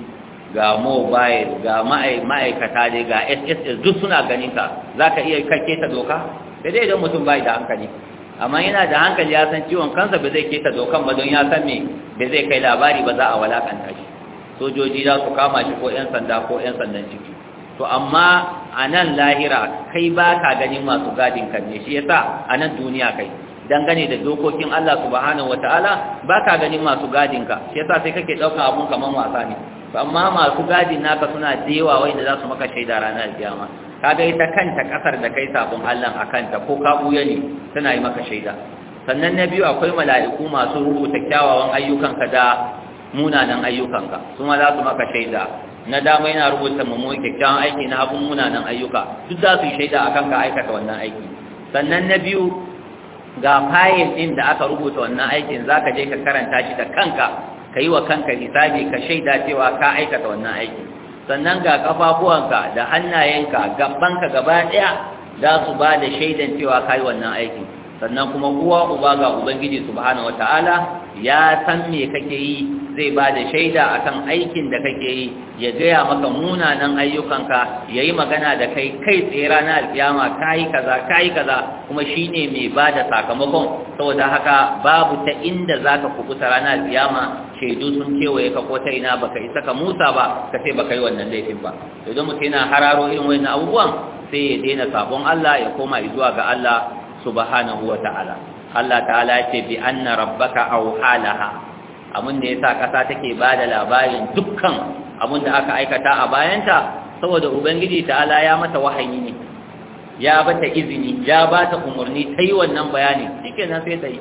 ga mobile ga ma'aikata dai ga sss duk suna ganin ka za ka iya kake ta doka sai dai idan mutum bai da hankali amma yana da hankali ya san ciwon kansa ba zai keta dokan ba don ya san me ba zai kai labari ba za a walakanta shi sojoji za su kama shi ko 'yan sanda ko 'yan sandan ciki to amma a nan lahira kai ba ka ganin masu gadin ka ne shi sa a nan duniya kai dangane da dokokin Allah subhanahu wataala ba ka ganin masu gadin ka shi sa sai kake ɗaukan abun kamar wasa ne amma masu gadin naka suna dewa wanda za su maka shaida ranar kiyama kaga ita kanta kasar da kai sabon Allah a kanta ko ka buya ne tana yi maka shaida sannan na biyu akwai mala'iku masu rubuta kyawawan ayyukan ka da munanan ayyukanka su ma za su maka shaida na dama yana rubuta mummunan kyakkyawan aiki na abun munanan ayyuka duk za su yi shaida akan ka aikata wannan aiki sannan na biyu ga fayil ɗin da aka rubuta wannan aikin za ka je ka karanta shi da kanka ka yi wa kanka hisabi ka shaida cewa ka aikata wannan aiki sannan ga kafafuwanka da hannayenka gabanka gaba ɗaya za su ba da shaidan cewa ka yi wannan aiki sannan kuma uwa uba ga ubangiji subhanahu wataala ya san me kake yi zai ba da shaida akan aikin da kake yi ya gaya maka munanan ayyukanka ya yi magana da kai kai tsaye ranar alfiyama kayi kaza kayi kaza kuma shi ne mai ba da sakamakon saboda haka babu ta inda za ka kukuta ranar alfiyama shaidu sun kewaye ka ko ina baka isa ka musa ba ka ce baka yi wannan laifin ba idan mutum yana hararo irin wannan abubuwan sai ya daina sabon Allah ya koma zuwa ga Allah subhanahu wa ta'ala Allah ta'ala ce bi anna rabbaka au halaha abin da yasa ƙasa take ba da labarin dukkan abin da aka aikata a bayanta saboda ubangiji Ala ya mata wahayi ne ya bata izini ya bata umarni ta yi wannan bayani nan sai ta yi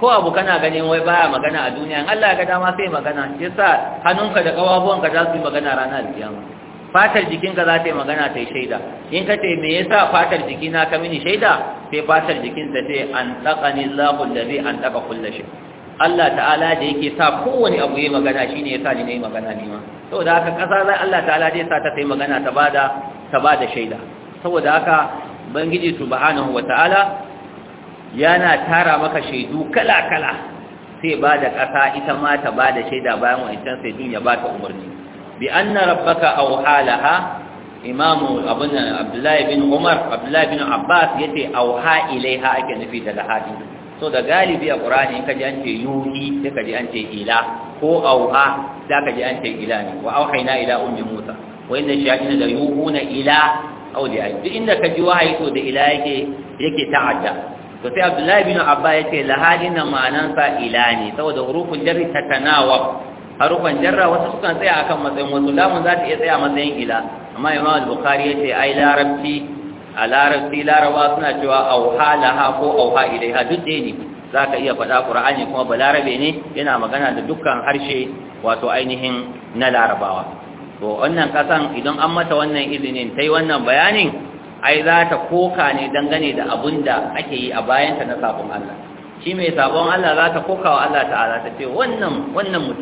ko abu kana ganin wai baya magana a duniya in Allah ya ga dama sai magana yasa hannunka da kawabuwanka za su yi magana ranar kiyama fatar jikinka za ta yi magana ta yi shaida in ka ce me yasa fatar jikina ka mini shaida sai fatar jikin ta ce an tsaqani da zai an tsaka kulle shi. Allah ta'ala da yake sa kowane abu yi magana shine yasa ni yi magana ni ma saboda haka kasa zai Allah ta'ala da yasa ta kai magana ta ba ta shaida saboda haka bangiji subhanahu ta'ala yana tara maka shaidu kala kala sai bada kasa ita ma ta bada shaida bayan wancan sai dun ya bata umarni bi anna rabbaka awhalaha imamu abun abdullahi bin umar abdullahi bin abbas a auha ilaiha ake nufi da lahadin so da galibi a ƙur'ani in kaji an ce yuhi sai kaji an ce ila ko auha sai kaji an ce ila ne wa auhayna ila ummi musa wa inna da yuhu na ila awliya duk inda ji wahayi to da ila yake yake ta'adda to sai abdullahi bin abba yace lahadin ma'anan sa ila ne saboda huruful jarri tatanawa harufan jarra wasu sukan tsaya akan matsayin wasu lamun za ta iya tsaya matsayin ila amma imam al-bukhari yace ai larabci a larabci suna cewa auha laha ko auha ilaiha duk dai ne za ka iya faɗa ƙura'ani kuma balarabe ne yana magana da dukkan harshe wato ainihin na larabawa to wannan ƙasan idan an mata wannan izinin ta yi wannan bayanin ai za ta koka ne dangane da abun da ake yi a bayanta na sabon Allah shi mai sabon Allah za ta koka wa Allah ta'ala ta ce wannan wannan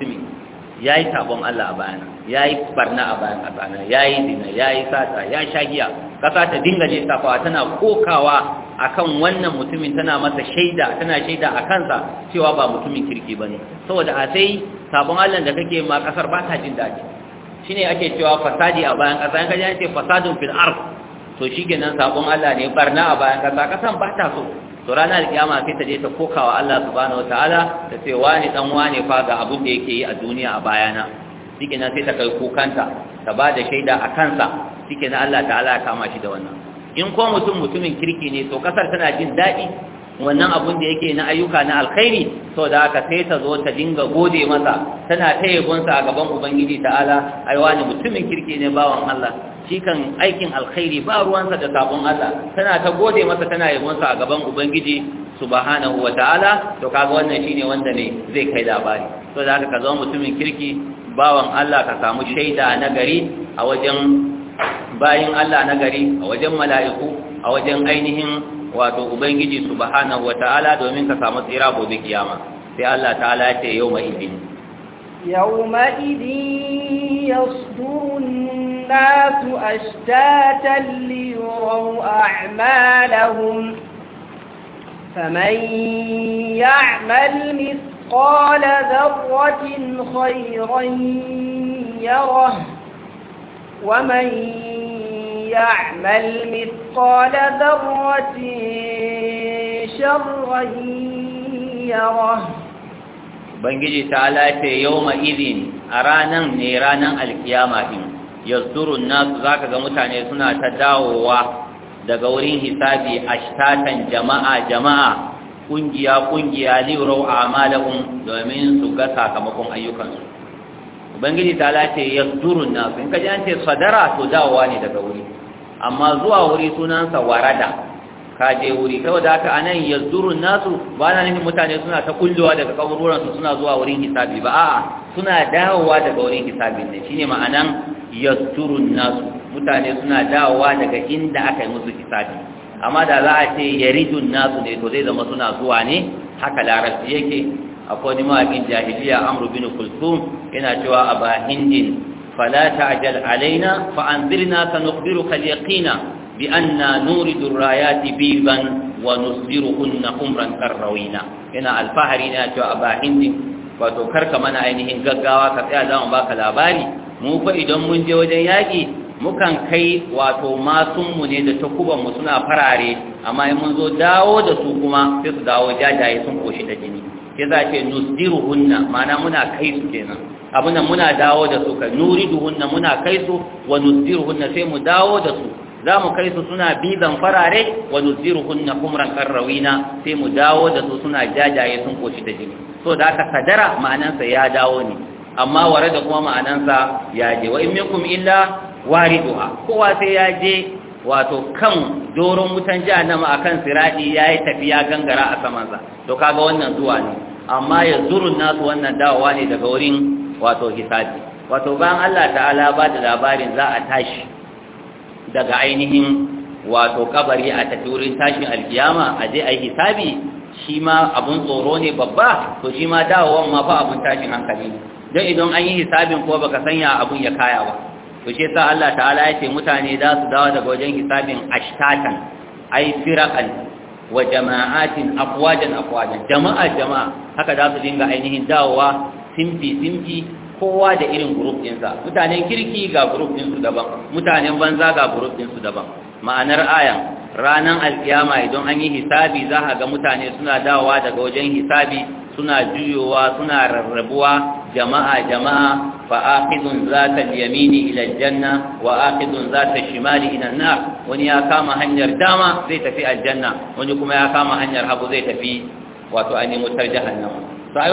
ya yi sabon Allah a bayana ya yi barna a bayan ƙasa ya yi dina ya yi sata ya sha giya kasa ta dinga lissafawa tana kokawa akan wannan mutumin tana masa shaida tana shaida a kansa cewa ba mutumin kirki bane saboda a sai sabon Allah da kake ma kasar ba ta jin daɗi shine ake cewa fasadi a bayan kasa yanka yana ce fasadun fil ard to shikenan sabon Allah ne barna a bayan kasa kasan ba ta so to ranar kiyama sai ta je ta kokawa Allah subhanahu wataala ta ce wani dan wani fa ga abun da yake yi a duniya a bayana shike na sai ta kai kukanta ta ba da shaida a kansa shike na Allah ta'ala ya kama shi da wannan in ko mutum mutumin kirki ne to kasar tana jin daɗi wannan abun da yake na ayyuka na alkhairi so da aka sai ta zo ta dinga gode masa tana ta yabonsa a gaban ubangiji ta'ala ai wani mutumin kirki ne bawan Allah shi aikin alkhairi ba ruwansa da sabon Allah tana ta gode masa tana yabonsa a gaban ubangiji subhanahu ta'ala to kaga wannan shine wanda ne zai kai labari so da aka ka zama mutumin kirki bawan Allah ka samu shaida na gari a wajen bayin Allah na gari a wajen mala'iku a wajen ainihin wato ubangiji subhanahu wata'ala domin ka samu tsira gobe kiyama sai Allah ta'ala ce yau mai yau mai idin yasdurun nasu ashtatan liyurau a'malahum فمن يعمل مثل مثقال ذرة خيرا يره ومن يعمل مثقال ذرة شرا يره Ubangiji ta lafe yau ma'izin a ranan ne ranan alkiyama ɗin, yazdurun nasu za ka ga mutane suna ta dawowa daga wurin hisabi a shtatan jama'a jama'a kungiya kungiya liyurau amalahum domin su ga sakamakon ayyukansu ubangiji ta lace yasdurun nas in kaji an ce sadara to dawowa ne daga wuri amma zuwa wuri sunansa warada ka je wuri saboda haka anan yazdurun nasu ba na ne mutane suna ta kullowa daga kabururan su suna zuwa wurin hisabi ba a'a suna dawowa daga wurin hisabin ne shine ma'anan yazdurun nasu mutane suna dawowa daga inda aka yi musu hisabi amma da za a ce yaridun nasu ne to zai zama suna zuwa ne haka larabci yake akwai wani mawaƙin jahiliya amru bin kulsum yana cewa a bahindin fala ta'jal alaina fa anzirna sanukhbiruka al-yaqina bi anna nuridu ar biban wa kunna umran qarrawina yana alfahari na cewa a bahindin wato karka mana ainihin gaggawa ka tsaya za mu baka labari mu fa idan mun je wajen yaƙi mukan kai wato masunmu ne da takubanmu suna farare amma in mun zo dawo da su kuma sai su dawo jajaye sun koshi da jini ke za ce hunna ma'ana muna kai su kenan abin nan muna dawo da su kai hunna muna kai su wa hunna sai mu dawo da su za mu kai su suna bizan farare wa hunna kumran karrawina sai mu dawo da su suna jajaye sun koshi da jini so da aka sadara ma'anansa ya dawo ne amma ware da kuma ma'anansa ya je wa in minkum illa Wari wariduha kowa sai ya je wato kan doron wutan jahannama akan siradi yayi tafiya gangara a samansa to kaga wannan zuwa ne amma ya nasu wannan dawowa ne daga wurin wato hisabi wato bayan Allah ta'ala ba da labarin za a tashi daga ainihin wato kabari a tafi wurin tashin alkiyama a je a yi hisabi shi ma abun tsoro ne babba to shi ma dawowan ma ba abun tashin hankali don idan an yi hisabin ko baka sanya abun ya kaya ba to ce yasa Allah ta'ala ya ce mutane za su dawo daga wajen hisabin ashtatan ay firaqan wa jama'atin afwajan afwajan jama'a jama'a haka za su dinga ainihin dawowa simfi simfi kowa da irin group sa, mutanen kirki ga group su daban mutanen banza ga group su daban ma'anar ayan ranan alkiyama idan an yi hisabi za a ga mutane suna dawowa daga wajen hisabi suna juyowa suna rarrabuwa jama'a jama'a fa za ta yamini ila janna. wa za ta shimali ila nar wani ya kama hanyar dama zai tafi aljanna wani kuma ya kama hanyar hagu zai tafi wato an yi mutar jahannama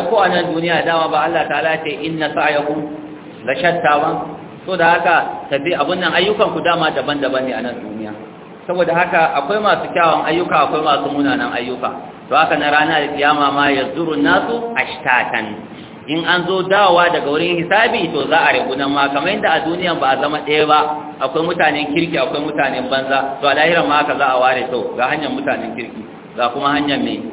ko anan duniya dama ba Allah ta'ala ce inna sa'yakum la shatta ba so da haka tabi abun nan ayyukan ku dama daban-daban ne a nan duniya saboda haka akwai masu kyawun ayyuka akwai masu munanan ayyuka to haka na rana da kiyama ma yazuru nasu ashtatan in an zo dawa daga wurin hisabi to za a rabu nan ma kamar yadda a duniya ba a zama ɗaya ba akwai mutanen kirki akwai mutanen banza to a lahiran ma haka za a ware to ga hanyar mutanen kirki ga kuma hanyar mai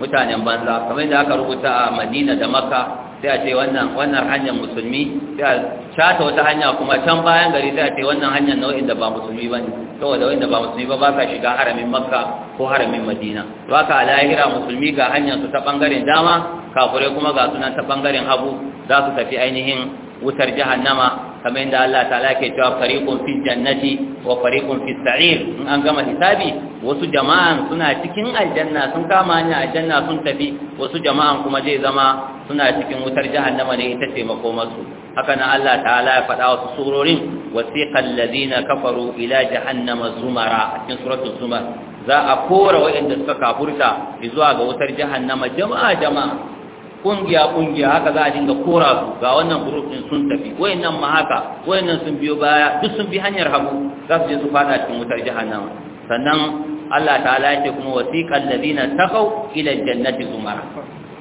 mutanen banza kamar yadda aka rubuta a madina da makka sai a ce wannan hanyar musulmi sai a shata wata hanya kuma can bayan gari sai a ce wannan hanyar nau'in da ba musulmi ba ne saboda wanda ba musulmi ba ba ka shiga haramin makka ko haramin madina ba ka lahira musulmi ga hanyar su ta bangaren dama kafurai kuma ga sunan ta bangaren hagu za su tafi ainihin wutar jahannama kamar yadda Allah ta'ala ke cewa fariqun fi jannati wa fariqun fi sa'ir in an gama hisabi wasu jama'an suna cikin aljanna sun kama ni aljanna sun tafi wasu jama'an kuma zai zama suna cikin wutar jahannama ne ita ce makomarsu haka nan Allah ta'ala ya faɗa wasu surorin wasiqal ladina kafaru ila jahannama zumara a cikin suratul zumar za a kora waɗanda suka kafurta zuwa ga wutar jahannama jama'a jama'a kungiya kungiya haka za a dinga kora su ga wannan group din sun tafi wayannan ma haka wayannan sun biyo baya duk sun bi hanyar hagu za su je su fada cikin wutar jahannama sannan Allah ta'ala yake kuma wasiqal ladina taqaw ila jannati zumara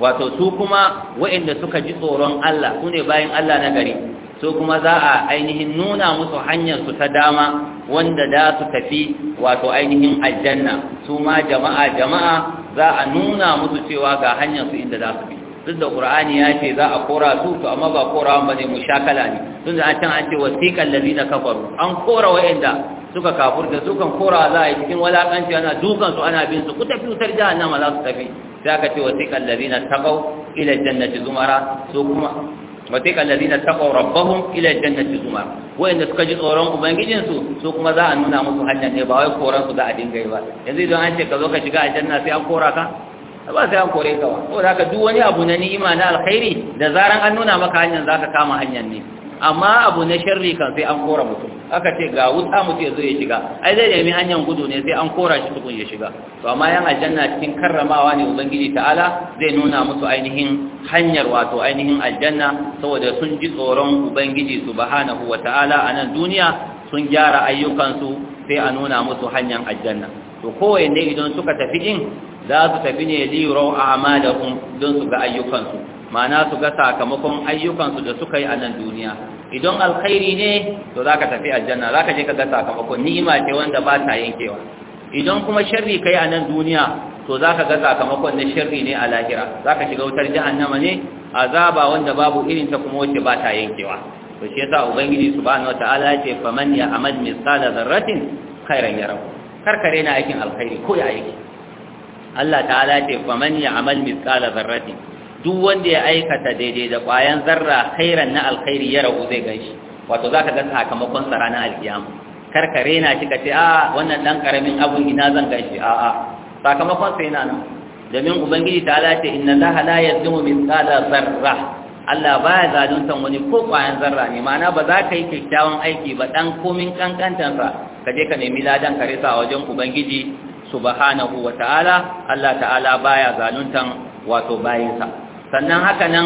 wato su kuma waɗanda suka ji tsoron Allah sune bayan Allah na gari su kuma za a ainihin nuna musu hanyar su ta dama wanda da su tafi wato ainihin aljanna su ma jama'a jama'a za a nuna musu cewa ga hanyar su inda za su bi duk da qur'ani ya ce za a kora su to amma ba kora ba ne mu shakala ne tun da an can an ce wasiqal ladina kafaru an kora wa'anda suka kafurta su kan kora za a yi cikin walakanci ana dukan su ana bin su ku tafi wutar jahannama za su tafi sai aka ce wasiqal ladina taqaw ila jannati zumara su kuma wasiqal ladina taqaw rabbahum ila jannati zumara wa'anda suka ji tsoron ubangijin su su kuma za a nuna musu hanyar ne ba wai koransu za a dinga yi ba yanzu idan an ce ka zo ka shiga aljanna sai an kora ka ba sai an kore ka ba da haka duk wani abu na ni'ima na alkhairi da zaran an nuna maka hanyar zaka kama hanyar ne amma abu na sharri kan sai an kora mutum aka ce ga wuta mutum ya zo ya shiga ai zai nemi hanyar gudu ne sai an kora shi tukun ya shiga to amma yan aljanna cikin karramawa ne ubangiji ta'ala zai nuna musu ainihin hanyar wato ainihin aljanna saboda sun ji tsoron ubangiji subhanahu wa ta'ala a nan duniya sun gyara ayyukansu sai a nuna musu hanyar aljanna to kowanne idan suka tafi in za su tafi ne liyurau a'malahum don su ga ayyukansu ma'ana su ga sakamakon ayyukansu da suka yi a nan duniya idan alkhairi ne to ka tafi aljanna zaka je ka ga sakamakon ni'ima ce wanda ba ta yankewa idan kuma sharri kai a nan duniya to za ka ga sakamakon na shirri ne a lahira za ka shiga wutar jahannama ne azaba wanda babu irin ta kuma wacce ba ta yankewa to shi yasa ubangiji subhanahu wataala ya ce faman ya amal misala zarratin khairan Kar karkare na aikin alkhairi ko ya aiki Allah ta'ala ce faman ya'mal mithqala dharratin duk wanda ya aikata daidai da kwayan zarra khairan na alkhairi ya rahu zai ganshi wato zaka ga sakamakon sa ranar alkiyama karkare na shi kace a wannan dan karamin abun ina zan ganshi a a sakamakon sai na nan domin ubangiji ta'ala ce inna allaha la yazlimu mithqala zarra. Allah baya zaluntan wani ko kwayan zarra ne ma'ana ba za ka yi kyakkyawan aiki ba ɗan komin kankantansa, ka je ka nemi ladan ka risa a wajen ubangiji subhanahu wa ta'ala Allah ta'ala baya zaluntan wato bayinsa sannan haka nan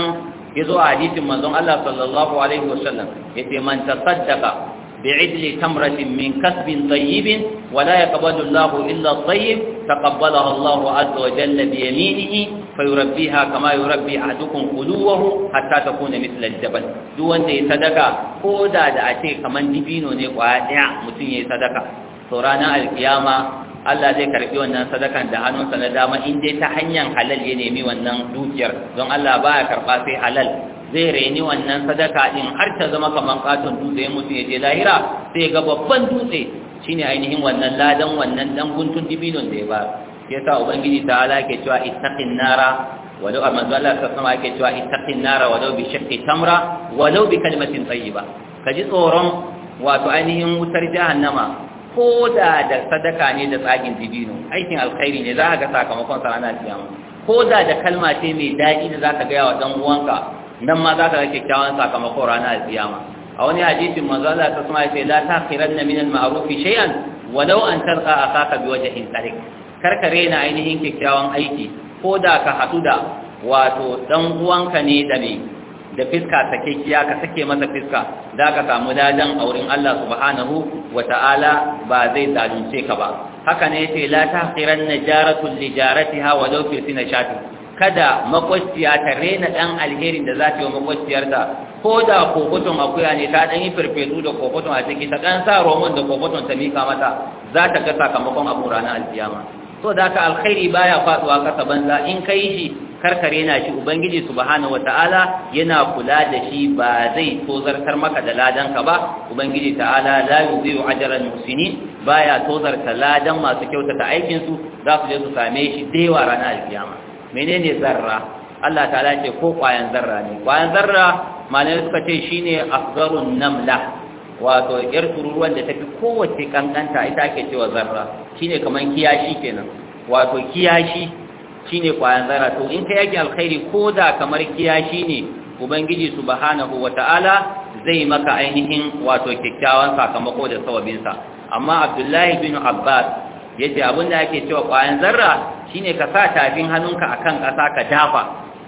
yazo hadisin manzon Allah sallallahu alaihi wasallam yace man tasaddaqa bi'idli tamratin min kasbin tayyibin wa la yaqbalu Allahu illa tayyib taqabbalaha Allahu azza wa jalla bi yaminihi fayurabbiha kama yurabbi ahadukum quluhu hatta takuna mithla al-jabal duk wanda ya sadaka ko da da a ce kamar dibino ne kwaya daya mutum ya yi sadaka to ranar alkiyama Allah zai karɓi wannan sadakan da hannunsa na dama in dai ta hanyar halal ya nemi wannan dukiyar don Allah ba ya karba sai halal zai reni wannan sadaka din har ta zama kaman katon dutse mutum ya je lahira sai ga babban dutse shine ainihin wannan ladan wannan dan guntun dibinon da ya ba yasa ubangiji ala ke cewa ittaqin nara ولو أما زال الله سبحانه وتعالى اتق النار ولو بشق تمرة ولو بكلمة طيبة tsoron wato ainihin wutar jahannama. ko da da sadaka ne da tsagin dibino aikin alkhairi ne za ka ga sakamakon sa kiyama ko da da kalma ce mai daɗi da za ka gaya wa ɗan uwanka nan ma za ka ga kyakkyawan sakamakon ranar kiyama a wani hadisin manzo Allah ta kuma ce la khiran min al-ma'ruf shay'an walau an tarqa akaka bi wajhin tariq karkare na ainihin kyakkyawan aiki ko da ka hadu da wato ɗan uwanka ne da mai da fiska sakekkiya ka sake masa fiska za ka samu dajan a wurin Allah subhanahu wa ta'ala ba zai zalunce ka ba haka ne yace la tahqiranna jaratun li jaratiha wa law fi kada makwasciya ta rena ɗan alherin da za ta yi wa ta ko da kokoton akuya ne ta dan yi farfesu da kokoton a ciki ta dan sa romon da kokoton ta mika mata za ta ga sakamakon abu ranar alkiyama so da ka alkhairi baya faduwa kasa banza in kai shi karkare na shi ubangiji subhanahu wataala yana kula da shi ba zai tozartar maka da ladanka ba ubangiji ta'ala la yuzi'u ajran muhsinin baya tozarta ladan masu kyautata aikin su za su je su same shi daiwa ranar alkiyama menene zarra Allah ta'ala ce ko kwayan zarra ne kwayan zarra malamai suka ce shine asgharun namla wato yar tururuwan da tafi kowace kankanta ita ake cewa zarra shine kaman kiyashi kenan wato kiyashi shine kwayan zarra to in ka yaki alkhairi ko da kamar kiyashi ne ubangiji subhanahu wataala zai maka ainihin wato kikkiawan sakamako da sawabin sa amma abdullahi bin abbas yace abin da ake cewa kwayan zarra shine ka sa tafin hannunka akan ƙasa ka dafa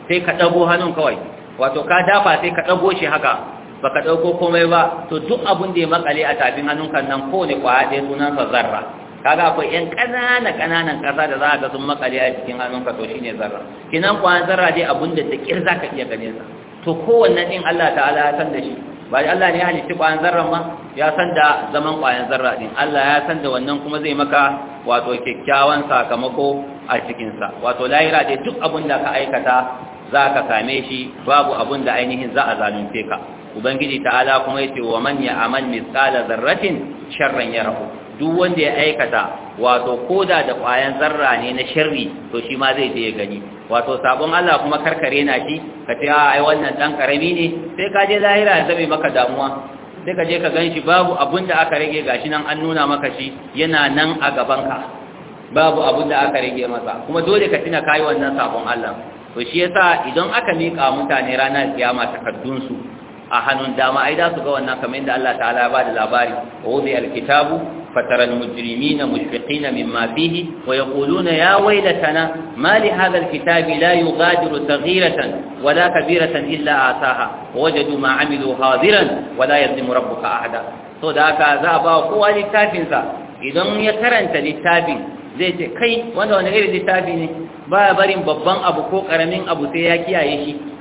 sai ka dago hannun kawai wato ka dafa sai ka dago shi haka baka dauko komai ba to duk abun da ya makale a tafin hannunka nan kowane kwaya ɗaya sunansa zarra kaga akwai yan ƙanana ƙananan ƙasa da za a ga sun makale a cikin hannunka to shine zarra kinan kwa zarra dai abun da ta kirza ka iya gane sa to kowanne din Allah ta'ala ya san da shi ba Allah ne ya halitta kwa zarra ma ya san da zaman kwa zarra din Allah ya san da wannan kuma zai maka wato kyakkyawan sakamako a cikin sa wato lahira dai duk abun da ka aikata za ka same shi babu abun da ainihin za a zalunce ka ubangiji ta'ala kuma yace wa man ya'mal mithqala dharratin sharran yarahu duk wanda ya aikata wato koda da kwayan zarra ne na sharri to shi ma zai je gani wato sabon Allah kuma karkare na shi ka ce ai wannan dan karami ne sai ka je lahira ya zame maka damuwa sai ka je ka ganshi babu abun aka rage gashi nan an nuna maka shi yana nan a gaban ka babu abun aka rage masa kuma dole ka tuna kai wannan sabon Allah to shi yasa idan aka mika mutane ranar kiyama takaddunsu a hannun dama ai da su ga wannan kamar yadda Allah ta'ala ya bada labari wudi alkitabu fataral almujrimina mushfiqina mimma fihi wa yaquluna ya waylatana ma li hadha alkitabi la yughadiru saghiratan wala kabiratan illa ataha wajadu ma amilu hadiran wala yadhlimu rabbuka ahada to da haka za a ba kowa littafin sa idan ya karanta littafin zai ce kai wanda wani irin littafi ne ba barin babban abu ko karamin abu sai ya kiyaye shi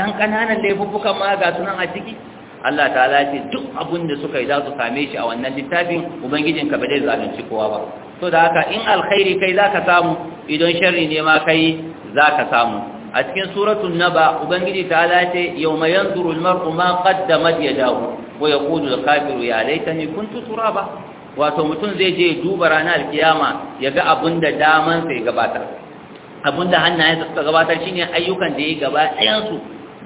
dan kananan laifuffukan ma ga sunan a ciki Allah ta'ala ce duk abin da suka yi za su same shi a wannan littafin ubangijin ka ba zai zalunci kowa ba to da haka in alkhairi kai zaka samu idan sharri ne ma kai zaka samu a cikin suratul naba ubangiji ta'ala ce yawma yanzuru almar'u ma qaddamat yadahu wa yaqulu alkafiru ya laitani kuntu turaba wato mutum zai je duba ranar alkiyama ya ga abin da daman sai gabatar abin da hannayensa suka gabatar shine ayyukan da ya gaba ɗayansu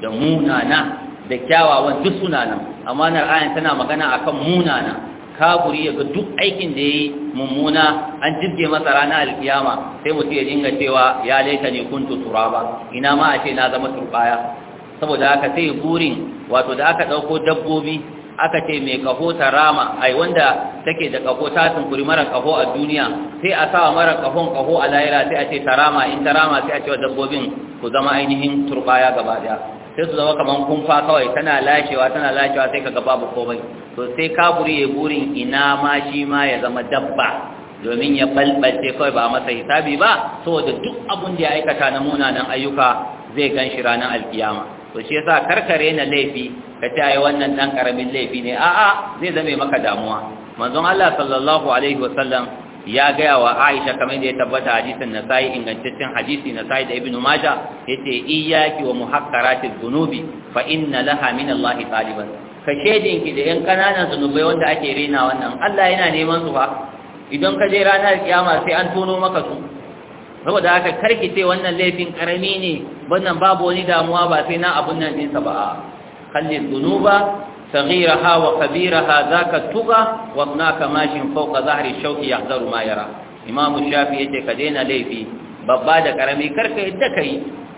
da munana da kyawawan duk suna nan amma nan ayan tana magana akan munana kafuri ya duk aikin da yayi mummuna an jirge masa ranar alkiyama sai mutum ya dinga cewa ya laita ne kuntu turaba ina ma a ce na zama turbaya saboda haka sai burin wato da aka dauko dabbobi aka ce mai kaho ta rama ai wanda take da kaho ta tunkuri mara kaho a duniya sai a sawa mara kahon kaho a layira sai a ce ta rama in ta rama sai a ce dabbobin ku zama ainihin turbaya gaba daya sai su zama kaman kumfa kawai tana lashewa tana lashewa sai kaga babu komai to sai kaburi ya burin ina ma shi ma ya zama dabba domin ya balbalce kawai ba masa hisabi ba saboda duk abun da ya aikata na munanan ayyuka zai gan shi ranar alkiyama to shi yasa karkare na laifi ka ta yi wannan dan karamin laifi ne a'a zai zame maka damuwa manzon Allah sallallahu alaihi wasallam ya gaya wa Aisha kamar da ya tabbata hadisin Nasa'i ingantaccen hadisi Nasa'i da Ibn maja yace iyyaki wa muhaqqaratiz zunubi fa inna laha min Allah taliban ka shedin ki da yan kananan zunubai wanda ake rena wannan Allah yana neman su fa idan ka je ranar kiyama sai an tono maka su saboda haka karki ce wannan laifin karami ne wannan babu wani damuwa ba sai na abun nan sa ba kalli zunuba صغيرها وكبيرها ذاك التقى وابناك ماش فوق ظهر الشوك يحذر ما يرى امام الشافعي yace ka daina laifi babba da karami ka yadda kai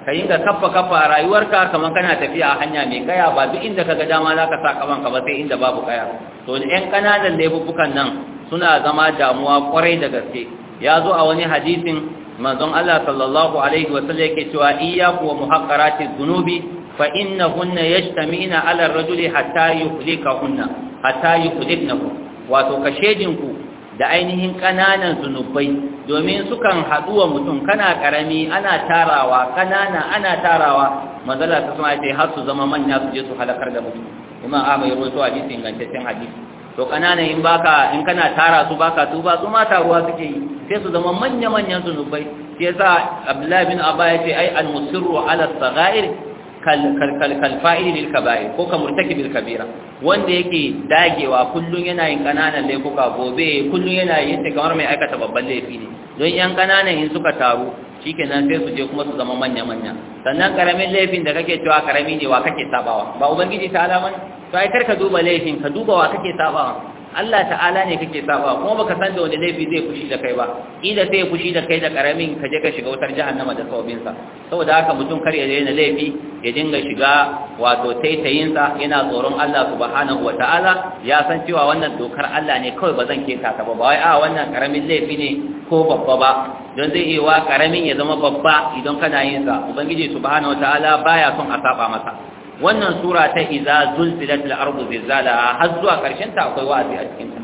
ka ka kaffa kaffa a rayuwarka kaman kana tafiya a hanya mai kaya ba duk inda ga dama zaka sa kaman ka ba sai inda babu kaya to ɗan ƙananan laifukan nan suna zama damuwa kwarai da gaske ya zo a wani hadisin manzon Allah sallallahu alaihi wa sallam yake cewa iyyaku wa muhaqqaratiz zunubi fa innahunna yajtami'na 'ala ar-rajuli hatta yuhlikahunna hatta yuhliknahu wato kashedin ku da ainihin kananan zunubai domin sukan haɗu wa mutum kana ƙarami, ana tarawa kanana ana tarawa manzala ta sama ce har su zama manya su je su halakar da mutum imam ahmad ya rawaito hadisi ingantaccen hadisi to kananan in baka in kana tara su baka su, ba su ma taruwa suke yi sai su zama manya manyan zunubai sai sa abdullahi bin abba ya ce ai al-musirru ala as-saghair kalfa'ili ka bayi ko ka murtaki bil kabira wanda yake dagewa kullun yana yin kananan laifuka gobe kullun yana yin ta kamar mai aikata babban laifi ne don yan kananan in suka taru shi ke nan sai su je kuma su zama manya manya sannan karamin laifin da kake cewa karami ne wa kake sabawa ba ubangiji ta alaman sai kar ka duba laifin ka duba wa kake sabawa Allah ta'ala ne kake saba kuma baka san da wani laifi zai fushi da kai ba ida sai fushi da kai da karamin ka je ka shiga wutar jahannama da saubin sa saboda haka mutum kar ya daina laifi ya dinga shiga wato taitayin sa yana tsoron Allah subhanahu wata'ala ya san cewa wannan dokar Allah ne kawai bazan ke ta ba wai a wannan karamin laifi ne ko babba ba don zai iya wa karamin ya zama babba idan kana yin sa ubangiji subhanahu wata'ala baya son a saba masa wannan sura ta iza zulzilat al-ardu zilzalaha har zuwa karshen ta akwai wa'azi a cikin ta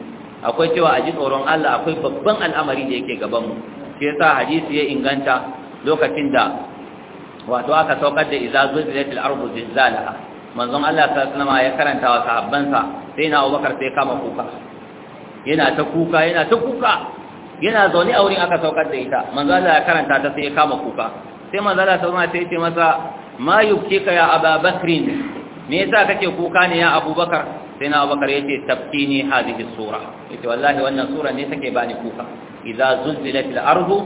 akwai cewa a ji tsoron Allah akwai babban al'amari da yake gaban mu shi yasa hadisi ya inganta lokacin da wato aka saukar da iza zulzilat al-ardu zilzalaha manzon Allah sallallahu alaihi wasallam ya karanta wa sahabbansa sai na Abubakar sai kama kuka yana ta kuka yana ta kuka yana zaune a wurin aka saukar da ita manzon Allah ya karanta ta sai ya kama kuka sai manzon Allah sallallahu alaihi wasallam sai ya ce masa ma yubkika ya aba bakrin me yasa kake kuka ne ya abubakar sai na abubakar yace tabtini hadhihi sura yace wallahi wannan sura ne take bani kuka idza zulzilatil ardu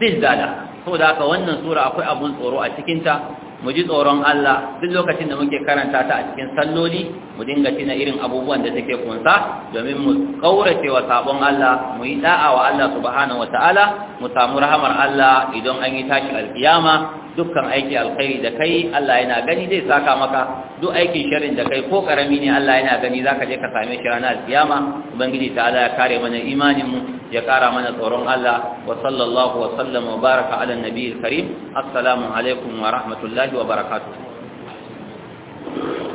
zilzala da ka wannan sura akwai abun tsoro a cikin ta mu ji tsoron Allah duk lokacin da muke karanta ta a cikin salloli mu dinga tina irin abubuwan da take kunsa domin mu kaurace wa sabon Allah mu yi da'a wa Allah subhanahu wataala mu samu rahamar Allah idan an yi tashi alkiyama dukkan aiki alkhairi da kai Allah yana gani zai saka maka duk aikin sharrin da kai ko karami ne Allah yana gani zaka je ka same shi ranar alkiyama ubangiji ta'ala ya kare mana imanin mu ya kara mana tsoron Allah wa sallallahu wa sallama wa baraka ala nabiyil karim assalamu alaikum wa rahmatullahi wa barakatuh